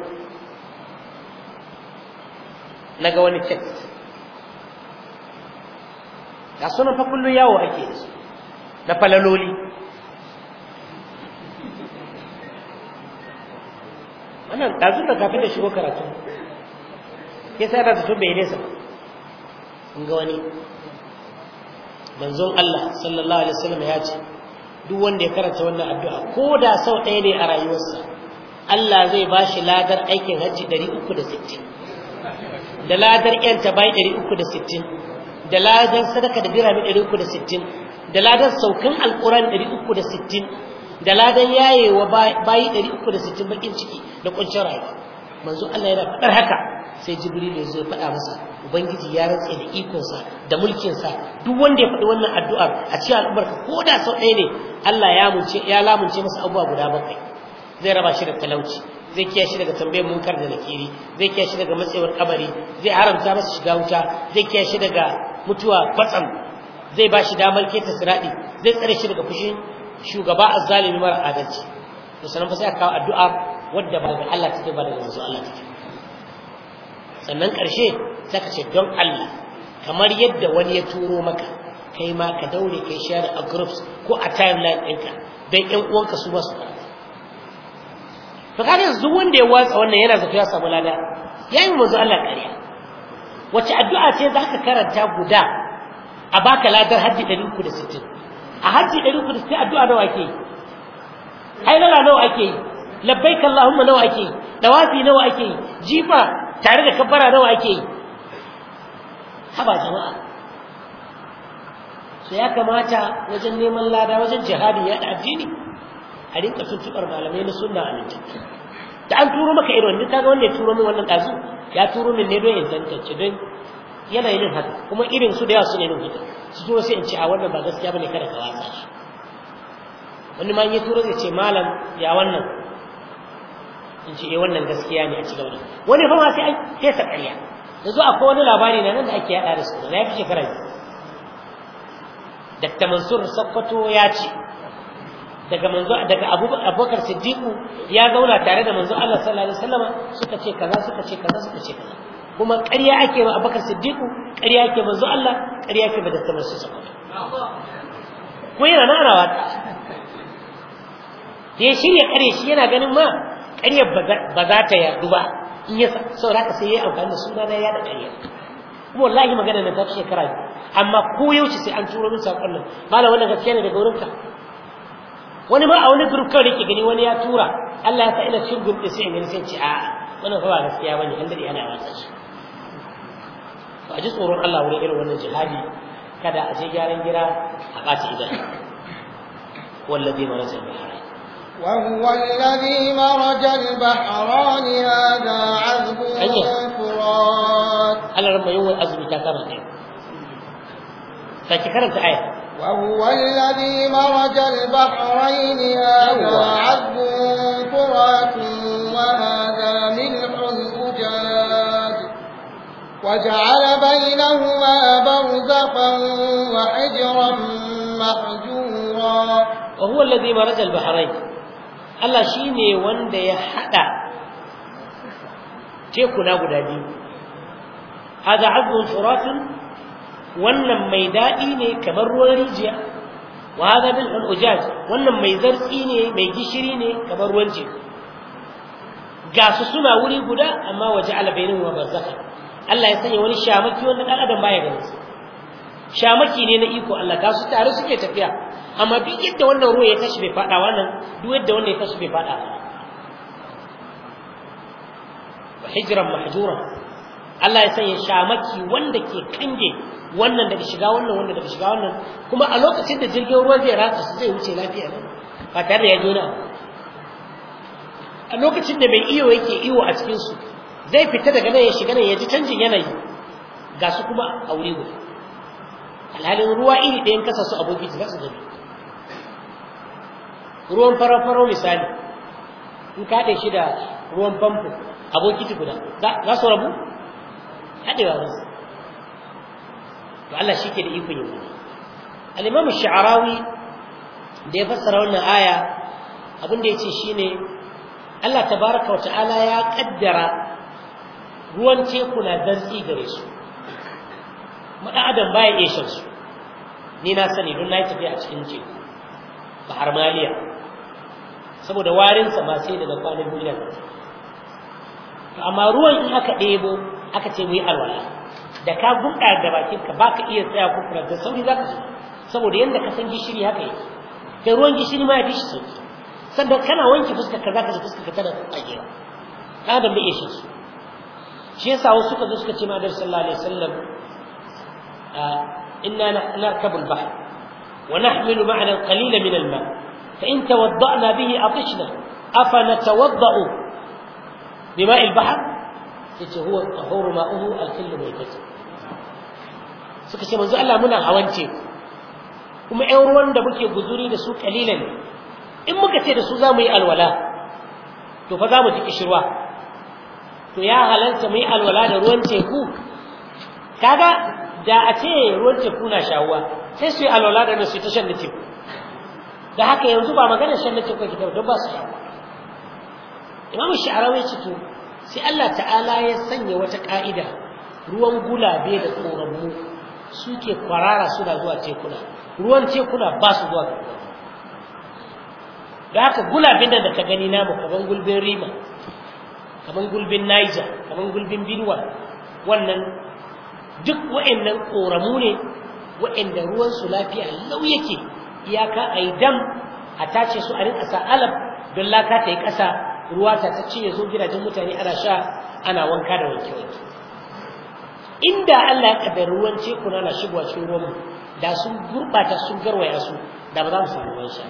Speaker 1: na ga wani kyat ga sunan fa kullum yawo ake yi na falaloli wannan ɗazu da kafin na shigo karatu
Speaker 3: ya sai da su tun bai nesa
Speaker 1: ba kun ga wani manzon Allah sallallahu alaihi wasallam ya ce duk wanda ya karanta wannan addu'a ko da sau ɗaya ne a rayuwarsa Allah zai ba shi ladar aikin hajji 360 da ladar yanta bai 360 da ladar sadaka da dirami 360 da ladar saukin alquran 360 da ladar yayewa bayi 360 bakin ciki da kuncin rayuwa manzon Allah yana faɗar haka sai Jibiri da zo ya faɗa masa ubangiji ya rantse da ikonsa da mulkinsa duk wanda ya faɗi wannan addu'ar a cikin al'ummar ka ko da sau ɗaya ne Allah ya ya lamunce masa abubuwa guda bakwai zai raba shi da talauci zai kiya shi daga tambayar munkar da nakiri zai kiya shi daga matsewar kabari zai haramta masa shiga wuta zai kiya shi daga mutuwa kwatsam zai ba shi damar keta siradi zai tsare shi daga fushin shugaba azzalimi mara adalci to sanan fa sai aka kawo addu'a wadda ba ga Allah take ba daga manzo Allah take sannan ƙarshe za ka ce don Allah kamar yadda wani ya turo maka kai ma ka daure kai share a groups ko a timeline ɗinka don ƴan uwanka su basu ba to kaga yanzu wanda ya watsa wannan yana zafi ya samu lada ya yi manzo Allah ƙarya wace addu'a ce za ka karanta guda a baka ladar hajji ɗari uku da sittin a hajji ɗari uku da sittin addu'a nawa ake yi ai nawa nawa ake yi labbaik Allahumma nawa ake yi dawafi nawa ake yi jifa tare da kabbara nawa ake yi haba jama'a sai ya kamata wajen neman lada wajen jihadi ya addini a rinka tuntuɓar malamai na sunna nan da an turo maka irin wanda kaga wanda ya turo min wannan ɗazu ya turo min ne don in tantance don yana yin haka kuma irin su da yawa suna yin haka su turo sai in ce a wannan ba gaskiya bane kada ka watsa shi wani ma in ya turo zai ce malam ya wannan in ce eh wannan gaskiya ne a ci gaba wani fa ma sai an fesa ƙarya yanzu akwai wani labari na nan da ake yaɗa da su na ya fi shekara biyu dakta mansur sakkwato ya ce daga manzo daga abubakar siddiqu ya zauna tare da manzo Allah sallallahu alaihi wasallam suka ce kaza suka ce kaza suka ce kaza kuma ƙarya ake ma abubakar siddiqu ƙarya ake manzo Allah ƙarya ake ma dakta mansur sakkwato ko yana nan ana wata ya shirya ƙare shi yana ganin ma ƙaryar ba za ta yadu ba in ya saura ka sai ya yi amfani da suna na yada ƙarya kuma wallahi magana na ta shekara biyu amma ko yaushe sai an turo min saƙon nan malam wannan gaskiya ne daga wurinka wani ma a wani group kawai nake gani wani ya tura Allah ya sa ina cikin group din sai in sai ce a'a wannan fa ba gaskiya ba bane an dade ana watsa shi to a ji tsoron Allah wurin irin wannan jihadi kada a je gyaran gira a ɓaci idan wallazi marasa bihar
Speaker 2: وهو الذي مرج البحران هذا عذب أيوة. فرات
Speaker 1: هل رب يوم عذب كثرة فكرمت آية
Speaker 2: وهو الذي مرج البحرين هذا أيوة. عذب فرات وهذا ملح أجاج وجعل بينهما برزقا وحجرا محجورا
Speaker 1: وهو الذي مرج البحرين Allah shi ne wanda ya haɗa tekuna guda biyu Haɗa azbun furatun wannan mai daɗi ne kamar ruwan rijiya wa haza bin al'ujaj wannan mai zarfi ne mai gishiri ne kamar ruwan teku ga su suna wuri guda amma waje alabainin wa barzaka Allah ya sanya wani shamaki wanda ɗan adam baya ganin su shamaki ne na iko Allah ga su tare suke tafiya amma duk yadda wannan ruwa ya tashi bai fada wannan duk yadda wannan ya tashi bai fada wa hijran mahjura Allah ya sanya shamaki wanda ke kange wannan daga shiga wannan wanda daga shiga wannan kuma a lokacin da jirgin ruwa zai rasa su zai wuce lafiya ne ba tare da ya jona a lokacin da mai iyo yake iyo a cikin su zai fita daga nan ya shiga nan ya ji canjin yanayi ga su kuma a wuri guda alhalin ruwa iri ɗayan kasa su abokin za su gani ruwan farau misali in kaɗe shi da ruwan famfo abokin ci guda za su rabu haɗewa ba su to Allah shi ke da ikon yi wani al'imamu sha'arawi da ya fassara wannan aya abin da ya ce shi ne Allah baraka wa ta'ala ya ƙaddara ruwan teku na zartsi gare su maɗan adam baya iya shan su ni na sani don na yi tafiya a cikin teku ba har maliya saboda sa ba sai daga kwanan miliyan amma ruwan in aka ɗebo aka ce mu yi alwala da ka bunƙa da ka ba ka iya tsaya kufura da sauri za ka so saboda yadda ka san gishiri haka yake kai ruwan gishiri ma ya fi shi sauki sannan kana wanke fuskar ka za ka ji fuskar ka tana tsagewa ɗan adam bai iya shi shi yasa wasu suka zo suka ce ma dar sallallahu alaihi wasallam إنا نركب البحر ونحمل معنا القليل من الماء فإن توضأنا به أطشنا أفنتوضأ بماء البحر هو الطهور ماؤه الخل ميتته suka ce manzo Allah muna hawan ce. kuma ƴan ruwan da muke guzuri da su kalilan ne in muka ce da su za mu yi alwala to fa za mu ji kishirwa to ya halarta mu yi alwala da ruwan teku kaga da a ce ruwan teku na shawuwa sai su yi alola da su ta shan nitin da haka yanzu ba maganar shan nitin teku ake don ba su shawuwa imamu sha'arawa ya cito sai Allah ta'ala ya sanya wata ka'ida ruwan gulabe da tsoronmu suke kwarara suna zuwa tekuna ruwan tekuna ba su zuwa gulabe da haka gulaben da ka gani namu kamar gulbin rima kamar gulbin niger kamar gulbin binwa wannan duk wa'annan ƙoramu ne wa'anda ruwansu lafiya lau yake iyaka a yi dam a tace su a rinƙasa alab don laka ta yi ƙasa ruwa ta ta ya zo gidajen mutane ana sha ana wanka da wanke-wanke inda Allah ya kaddar ruwan teku na shigowa cikin ruwanmu da sun gurɓata sun garwaya su da ba za mu samu ruwan sha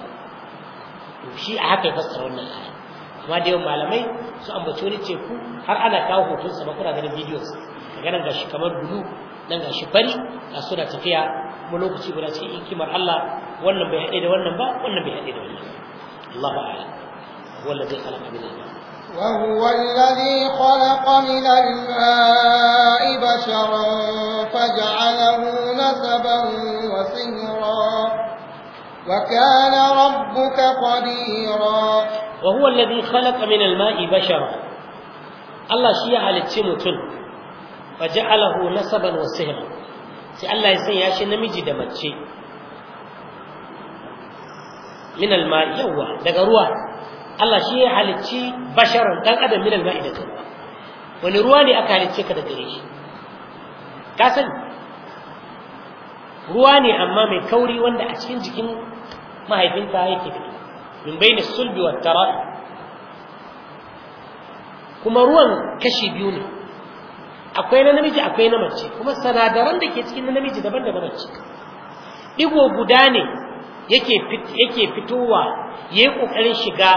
Speaker 1: shi a haka ya fassara wannan aya amma da yawan malamai su ambaci wani teku har ana kawo hotonsa ba kuna ganin bidiyon sa. ganin gashi kamar bulu nan gashi fari a suna tafiya mu lokaci guda cikin hikimar Allah wannan bai haɗe da wannan ba wannan bai haɗe da wannan Allahu a'lam wallazi khalaqa min al-ma
Speaker 2: وهو الذي خلق من الماء بشرا فجعله نسبا وسهرا وكان ربك قديرا
Speaker 1: وهو الذي خلق من الماء بشرا Allah shi ya halicci mutum faja'alahu nasaban wa sihra sai Allah ya sanya shi namiji da mace min alma yawa daga ruwa Allah shi ya halicci basharan dan adam min ma da ruwa wani ruwa ne aka halicce ka da gare shi ka san ruwa ne amma mai kauri wanda a cikin jikin mahaifinta yake da min bayni sulbi wat tara kuma ruwan kashi biyu ne akwai na namiji akwai na mace kuma sanadaran da ke cikin na namiji daban daban mace digo guda ne yake yake fitowa yayi kokarin shiga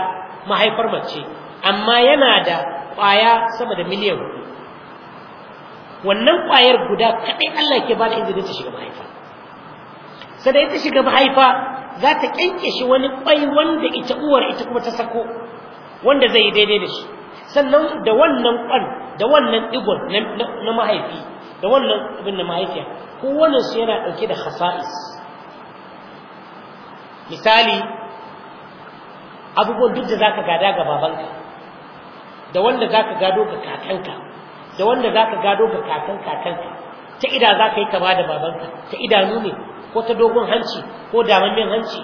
Speaker 1: mahaifar mace amma yana da kwaya sama da miliyan hudu wannan kwayar guda kadai Allah ke bada izinin ta shiga mahaifa sai da ita shiga mahaifa za ta shi wani kwai wanda ita uwar ita kuma ta sako wanda zai daidai da shi sannan da wannan kwan da wannan digon na mahaifi da wannan abin na mahaifiya kowanne su yana dauke da khasa'is misali abubuwan duk da zaka gada ga babanka da wanda zaka gado ga kakanka da wanda zaka gado ga kakan kakanka ta ida zaka yi kama da babanka ta idanu ne ko ta dogon hanci ko damammen hanci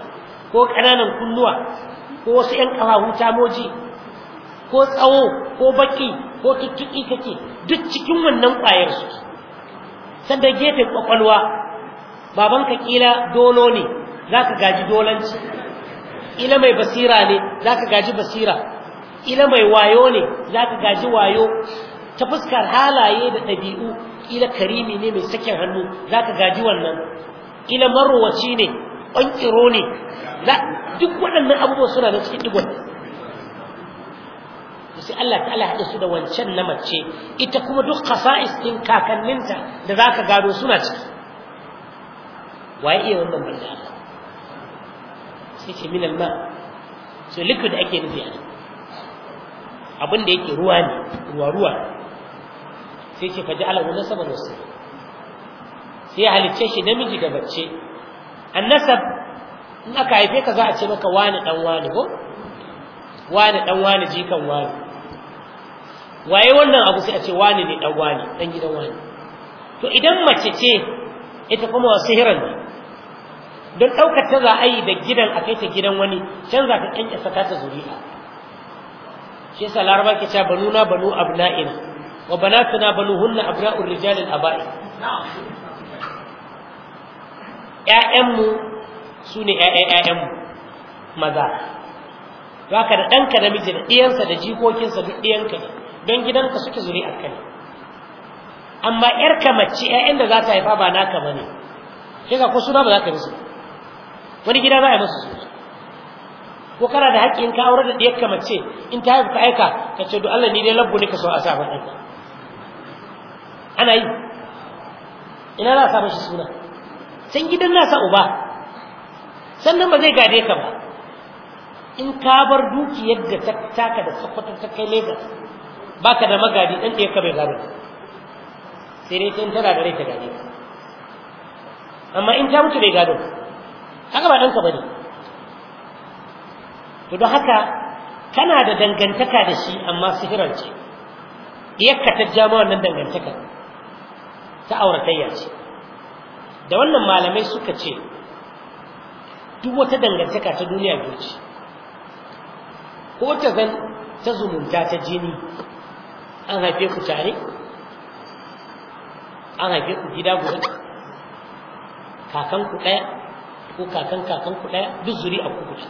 Speaker 1: ko ƙananan kunnuwa ko wasu 'yan ta moji? ko tsawo ko baki ko tuttuki kake duk cikin wannan ƙwayar su sanda gefen kwakwalwa babanka kila dolo ne za ka gaji dolanci ila mai basira ne za ka gaji basira ila mai wayo ne za ka gaji wayo ta fuskar halaye da ɗabi'u ila karimi ne mai sakin hannu Za ka gaji wannan ila marowaci ne ƙwanƙiro ne duk waɗannan abubuwa suna da cikin ɗigon. sai Allah ta'ala haɗa su da wancan na mace ita kuma duk khasa'is din kakanninta da za ka gado suna ciki waye iya wannan bin Allah sai ce min ma. so liquid ake nufi a abin da yake ruwa ne ruwa ruwa sai ce faji ala wannan saban wasu sai halicce shi namiji da mace annasab in aka haife ka za a ce maka wani dan wani ko wani dan wani jikan wani waye wannan abu sai a ce wani ne dan wani dan gidan wani to idan mace ce ita kuma wasihiran ne don daukar ta za a yi da gidan a kai ta gidan wani can za ka kanke saka ta zuri'a shi yasa laraba ke cewa na banu abna'ina wa banatuna banuhunna abna'ur rijalil aba'i ƴaƴanmu su ne ƴaƴan ƴaƴanmu maza za ka da ɗanka namiji da ɗiyansa da jikokinsa duk ɗiyanka ne dan gidanka suke zuri a kai, amma yar ka mace ƴaƴan da za ta haifa ba naka bane sai ka ko suna ba za ka su? wani gida ba ya musu ko kana da haƙƙi in ka aure da ɗiyar ka mace in ta haifa ka aika ka ce do Allah ni dai labbu ne ka so a sa ba ana yi ina za a sa mashi suna san gidan nasa uba sannan ba zai gade ka ba in ka bar dukiyar da taka da sakwatar ta kai Legas baka da magadi dan ɗaya ka bai sai dai tun tana da rai ta gane amma in ta mutu bai gado haka ba ɗanka bane to don haka kana da dangantaka da shi amma sihirar ce iyakka ta jama wannan dangantaka ta auratayya ce da wannan malamai suka ce duk wata dangantaka ta duniya ce ko ta zan ta zumunta ta jini an haife ku tare an haife ku gida guda kakan ku ɗaya ko kakan kakan ku ɗaya duk zuri a ku kuce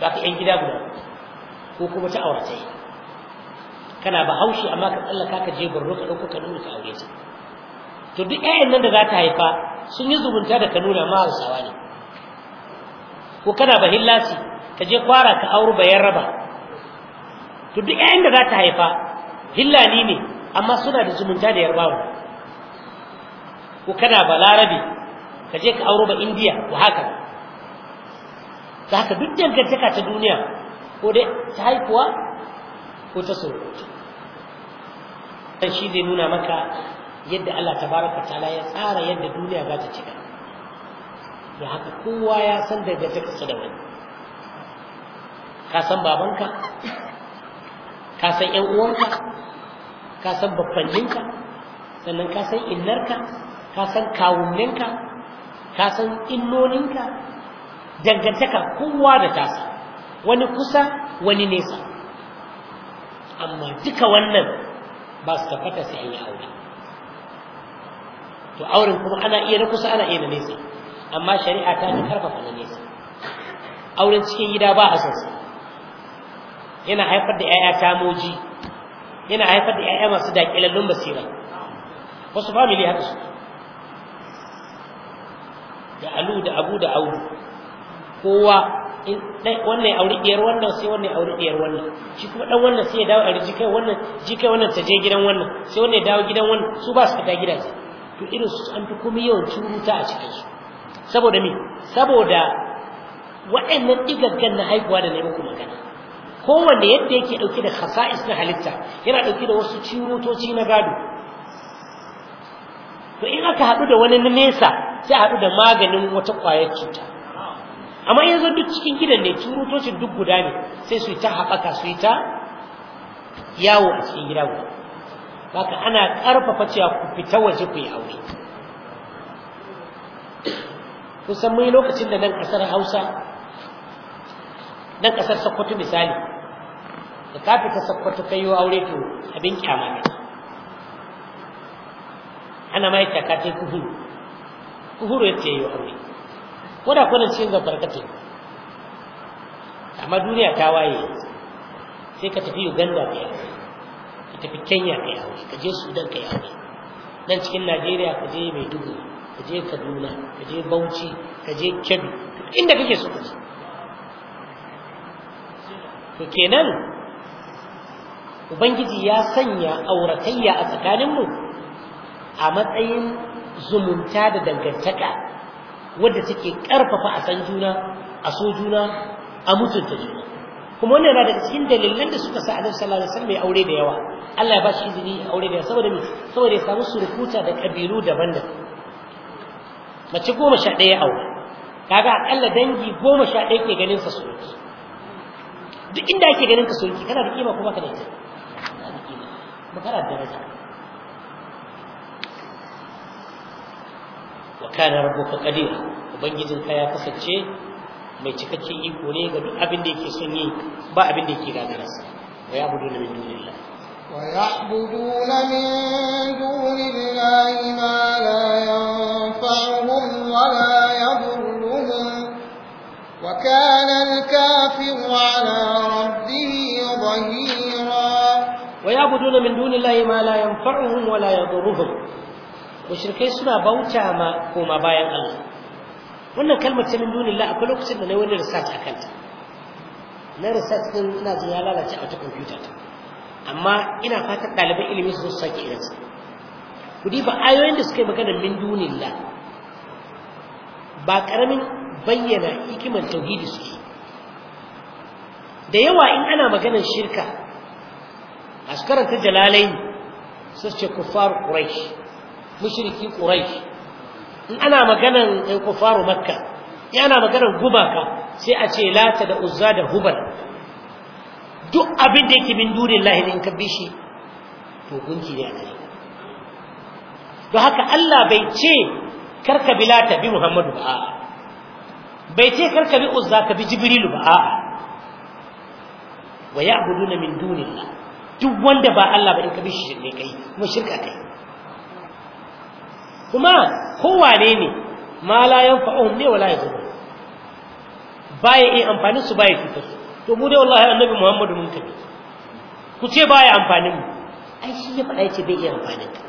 Speaker 1: za ka yan gida guda ko kuma ta aurace kana ba haushi amma ka tsallaka ka je borno ka ɗauko ka nuna ka aure ta to duk ƴaƴan nan da za ta haifa sun yi zubunta da kanuna ma hausawa ne ko kana ba hillasi ka je kwara ka auri bayan raba to duk ƴaƴan da za ta haifa hillani ne amma suna da zumunta da yarbawa ko kana balarabe ka je ka auro ba indiya ko haka Ka haka duk dangantaka ta duniya ko dai ta haifuwa ko ta surutu shi zai nuna maka yadda Allah tabaraka ta'ala ya tsara yadda duniya za ta cika da haka kowa ya san daga ta kasa da wani ka san babanka ka san ƴan uwanka ka san babbanninka sannan ka san innarka ka san kawunninka ka san innoninka dangantaka kowa da tasa wani kusa wani nesa amma duka wannan ba su tabbata sai an yi aure to auren kuma ana iya na kusa ana iya na nesa amma shari'a ta ta karfafa na nesa auren cikin gida ba a son yana haifar da ƴaƴa tamoji yana haifar da ƴaƴa masu daƙilallun basira wasu family haka su da alu da abu da aulu kowa wannan ya auri ɗiyar wannan sai wannan ya auri ɗiyar wannan shi kuma ɗan wannan sai ya dawo auri jikai wannan jikai wannan ta je gidan wannan sai wannan ya dawo gidan wannan su ba su fita gidaje to irin su an fi komai yawan curuta a cikin su saboda me saboda waɗannan ɗigaggan na haihuwa da na yi muku magana kowanne yadda yake ɗauke da hasa'is na halitta yana ɗauki da wasu cirutoci na gado to in aka haɗu da wani nesa sai haɗu da maganin wata ƙwayar cuta amma zo duk cikin gidan ne curutocin duk guda ne sai su yi ta haɓaka su yi ta yawo a cikin gida guda baka ana ƙarfafa cewa ku fita waje ku yi aure kusan mai lokacin da nan ƙasar hausa dan kasar sakkwato misali da ka fita Sokoto kai yo aure to abin kyama ne ana mai ta ka tai kuhuru kuhuru ce yo aure ko da kuna cikin gafarkate amma duniya ta waye sai ka tafi Uganda ka kai ka tafi Kenya ka aure ka je Sudan ka aure nan cikin Najeriya ka je Maiduguri ka je Kaduna ka je Bauchi ka je Kebbi inda kake so ka je to kenan ubangiji ya sanya auratayya a tsakaninmu a matsayin zumunta da dangantaka wadda take karfafa a san juna a so juna a mutunta juna kuma wannan yana daga cikin dalilan da suka sa Annabi sallallahu alaihi wasallam mai aure da yawa Allah ya ba shi izini aure da yawa saboda me saboda ya samu surukuta da kabilu daban-daban mace goma sha ɗaya aure kaga akalla dangi goma sha ɗaya ke ganin sa surukuta duk inda ake ganin ka soki kana da kima ko baka da ita kana da kima kuma kana da daraja wa kana rabbuka qadira ubangijin ka ya kasance mai cikakken iko ne ga duk abin da yake son yi ba abin da yake gagararsa wa ya budu min dunillah
Speaker 2: wa من min الله ma la ينفعهم وكان الكافر على ربه ظهيرا ويعبدون من دون الله ما لا ينفعهم ولا يضرهم
Speaker 1: mushrikai suna bauta ma koma bayan Allah wannan kalmar ta min dunillah akwai lokacin da na wani research a kanta na research din ina jin ya lalace a wata computer ta amma ina fatan ɗaliban ilimi su sake irinsa ku diba ayoyin da suka yi magana min dunillah ba karamin bayyana hikiman tauhidi suke da yawa in ana maganar shirka a su karanta jalalai su ce kufar quraish mushriki quraish in ana maganar kufaru makka in ana maganar gumaka sai a ce lata da uzza da hubar duk abin da yake min dunin lahi in ka bi shi to gunki ne a gare don haka Allah bai ce karka bilata bi Muhammadu ba a'a bai ce karka bi uzza ka bi jibrilu ba a'a wa ya'buduna min dunillah duk wanda ba Allah ba in ka bi shi ne kai kuma shirka kai kuma wane ne ma la yanfa'uhum ne wala yadur baya yi amfani su baya cutar su to mu dai wallahi annabi Muhammadu mun kabi ku ce baya amfani mu ai shi ya faɗa ce bai yi amfanin ka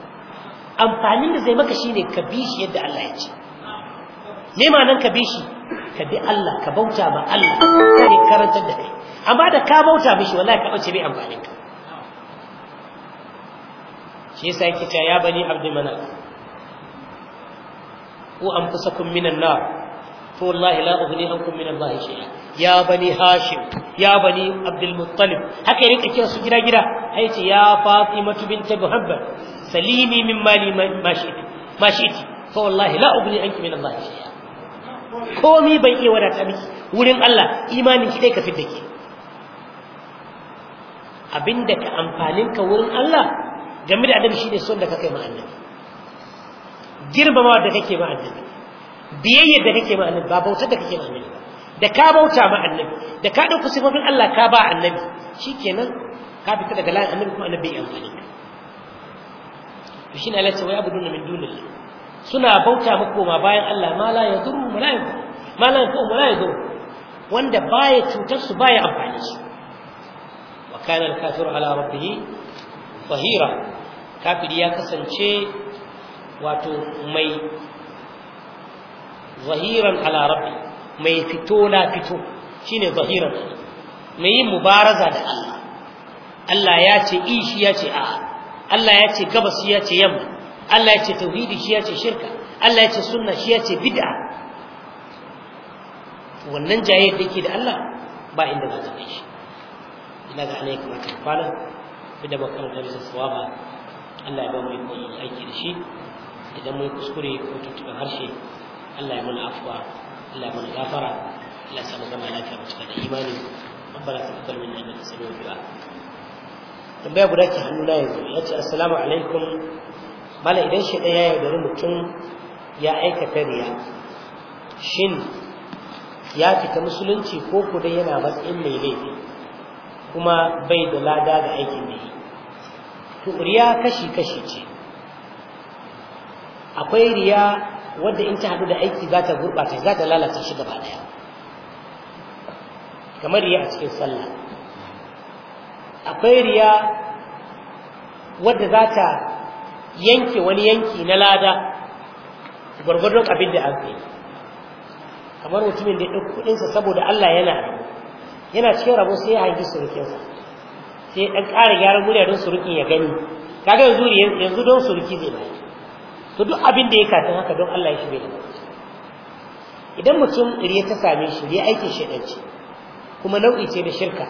Speaker 1: amfanin da zai maka shine ka bi shi yadda Allah ya ce Ne ma nan ka bi shi ka bi Allah ka bauta ma Allah kai karanta da kai amma da ka bauta mishi wallahi ka bace bai amfanin ka shi yasa yake cewa ya bani abdi manaf ku anfusakum minan nar fa wallahi la ughni ankum min Allah shay'a ya bani hashim ya bani abdul muttalib haka yake kira su gida gida ai ce ya fatimatu bint muhammad salimi min mali ma shi ma shi'ti fa wallahi la ughni anki min Allah shay'a komi ban iya wadata miki wurin Allah imanin ki dai ka fidda ke. abinda ka amfanin ka wurin Allah game da annabi shine son da kake ma annabi girmamawa da kake ma Allah biyayyar da kake ma Allah ba bautar da kake ma Allah da ka bauta ma Allah da ka dauki sifofin Allah ka ba annabi shikenan ka fita daga layin annabi kuma annabi ya amfani ka to shine Allah ya ce wa yabuduna min dunillah suna bauta makoma bayan Allah ma la ya zuru ma la ya zuru, ma la ya yanfa'u ma la ya zuru, wanda baya cutar su baya amfani su wa kana al-kafiru ala rabbih zahira kafiri ya kasance wato mai zahiran ala rabbi mai fito na fito shine zahiran mai yin mubaraza da Allah Allah ya ce ishi ya ce a Allah ya ce gabas ya ce yamma Allah ya ce tauhidi shi ya ce shirka Allah ya ce sunna shi ya ce bid'a wannan jayayyar da ke da Allah ba inda za ta kai shi ina ga ana kuma ta kwana da makarantar bisa sawaba Allah ya ba mu ikon aiki da shi idan mun kuskure ko tuntuɓen harshe Allah ya mana afuwa Allah ya mana gafara Allah ya samu zama lafiya mu cika da imani rabbana taqabbal minna innaka samiu du'a tambaya guda ke hannu na yanzu ya ce assalamu alaikum mala idan shi ɗaya ya yaudari mutum ya aikata riya shin ya fita musulunci ko kuda yana matsayin mai laifi kuma bai da lada da aikin da yi to riya kashi kashi ce akwai riya wadda in ta haɗu da aiki za ta gurɓata za ta lalata shi gaba ɗaya kamar riya a cikin sallah akwai riya wadda za ta yanke wani yanki na lada gwargwadon abin da an yi kamar mutumin da ya ɗauki kuɗinsa saboda Allah yana rabu yana cikin rabu sai ya hangi surukinsa sai ya ɗan ƙara gyaran murya don surukin ya gani kaga yanzu yanzu don suruki zai bayar to duk abin da ya kafin haka don Allah ya shi da idan mutum riya ta same shi riya aikin shaidanci kuma nau'i ce da shirka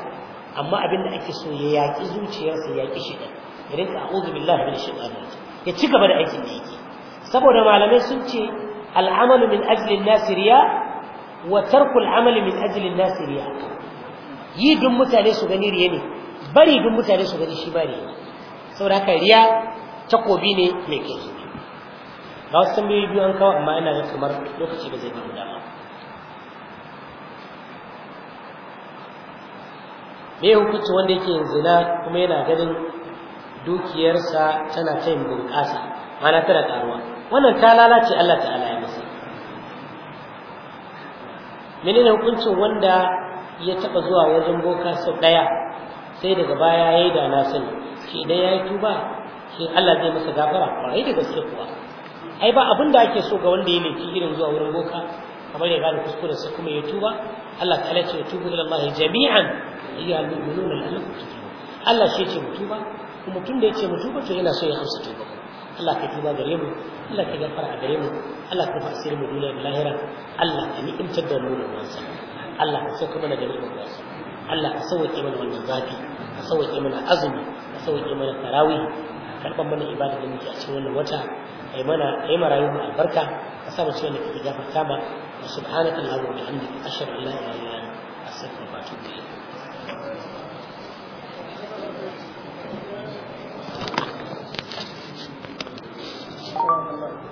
Speaker 1: amma abin da ake so ya yaƙi zuciyarsa ya yaƙi shaidan ya rinka a'udhu billahi min shaitani rajim ya ci gaba da aikin da yake saboda malamai sun ce al'amalu min ajlin nasiriya wa tarkul amali min ajlin nasiriya yi dun mutane su gani riya ne bari dun mutane su gani shi ba riya saboda haka riya takobi ne mai kai ga wasu tambayoyi biyu an kawo amma ina da kamar lokaci ba zai ba mu dama me hukunci wanda yake yin zina kuma yana ganin dukiyarsa tana ta yin bunƙasa mana tana ƙaruwa wannan ta lalace Allah ta'ala ya masa menene hukuncin wanda ya taɓa zuwa wajen boka sau ɗaya sai daga baya ya yi da na shi idan ya yi tuba shi Allah zai masa gafara kwarai da gaske kuwa ai ba abin da ake so ga wanda ya laifi irin zuwa wurin boka kamar ya gane sai kuma ya tuba Allah ta'ala ce tubu ila Allah jami'an ayyuhal mu'minuna Allah shi ce mu tuba kuma tun da yace mu tuba to yana so ya amsa tuba Allah ka tuba gare mu Allah ka gafara a gare mu Allah ka fasiri mu duniya da lahira Allah ka ni'imtar da mu da wasa. Allah ka sauka mana da ni'imar wansa Allah ka sauke mana wannan zafi ka sauke mana azumi ka sauke mana tarawih karban mana ibada da muke a cikin wannan wata ai mana ai marayu mu albarka ka sa mu cikin da kake gafarta ba subhanakallahumma wa bihamdika ashhadu an la ilaha illa anta astaghfiruka wa atubu ilayk
Speaker 3: الله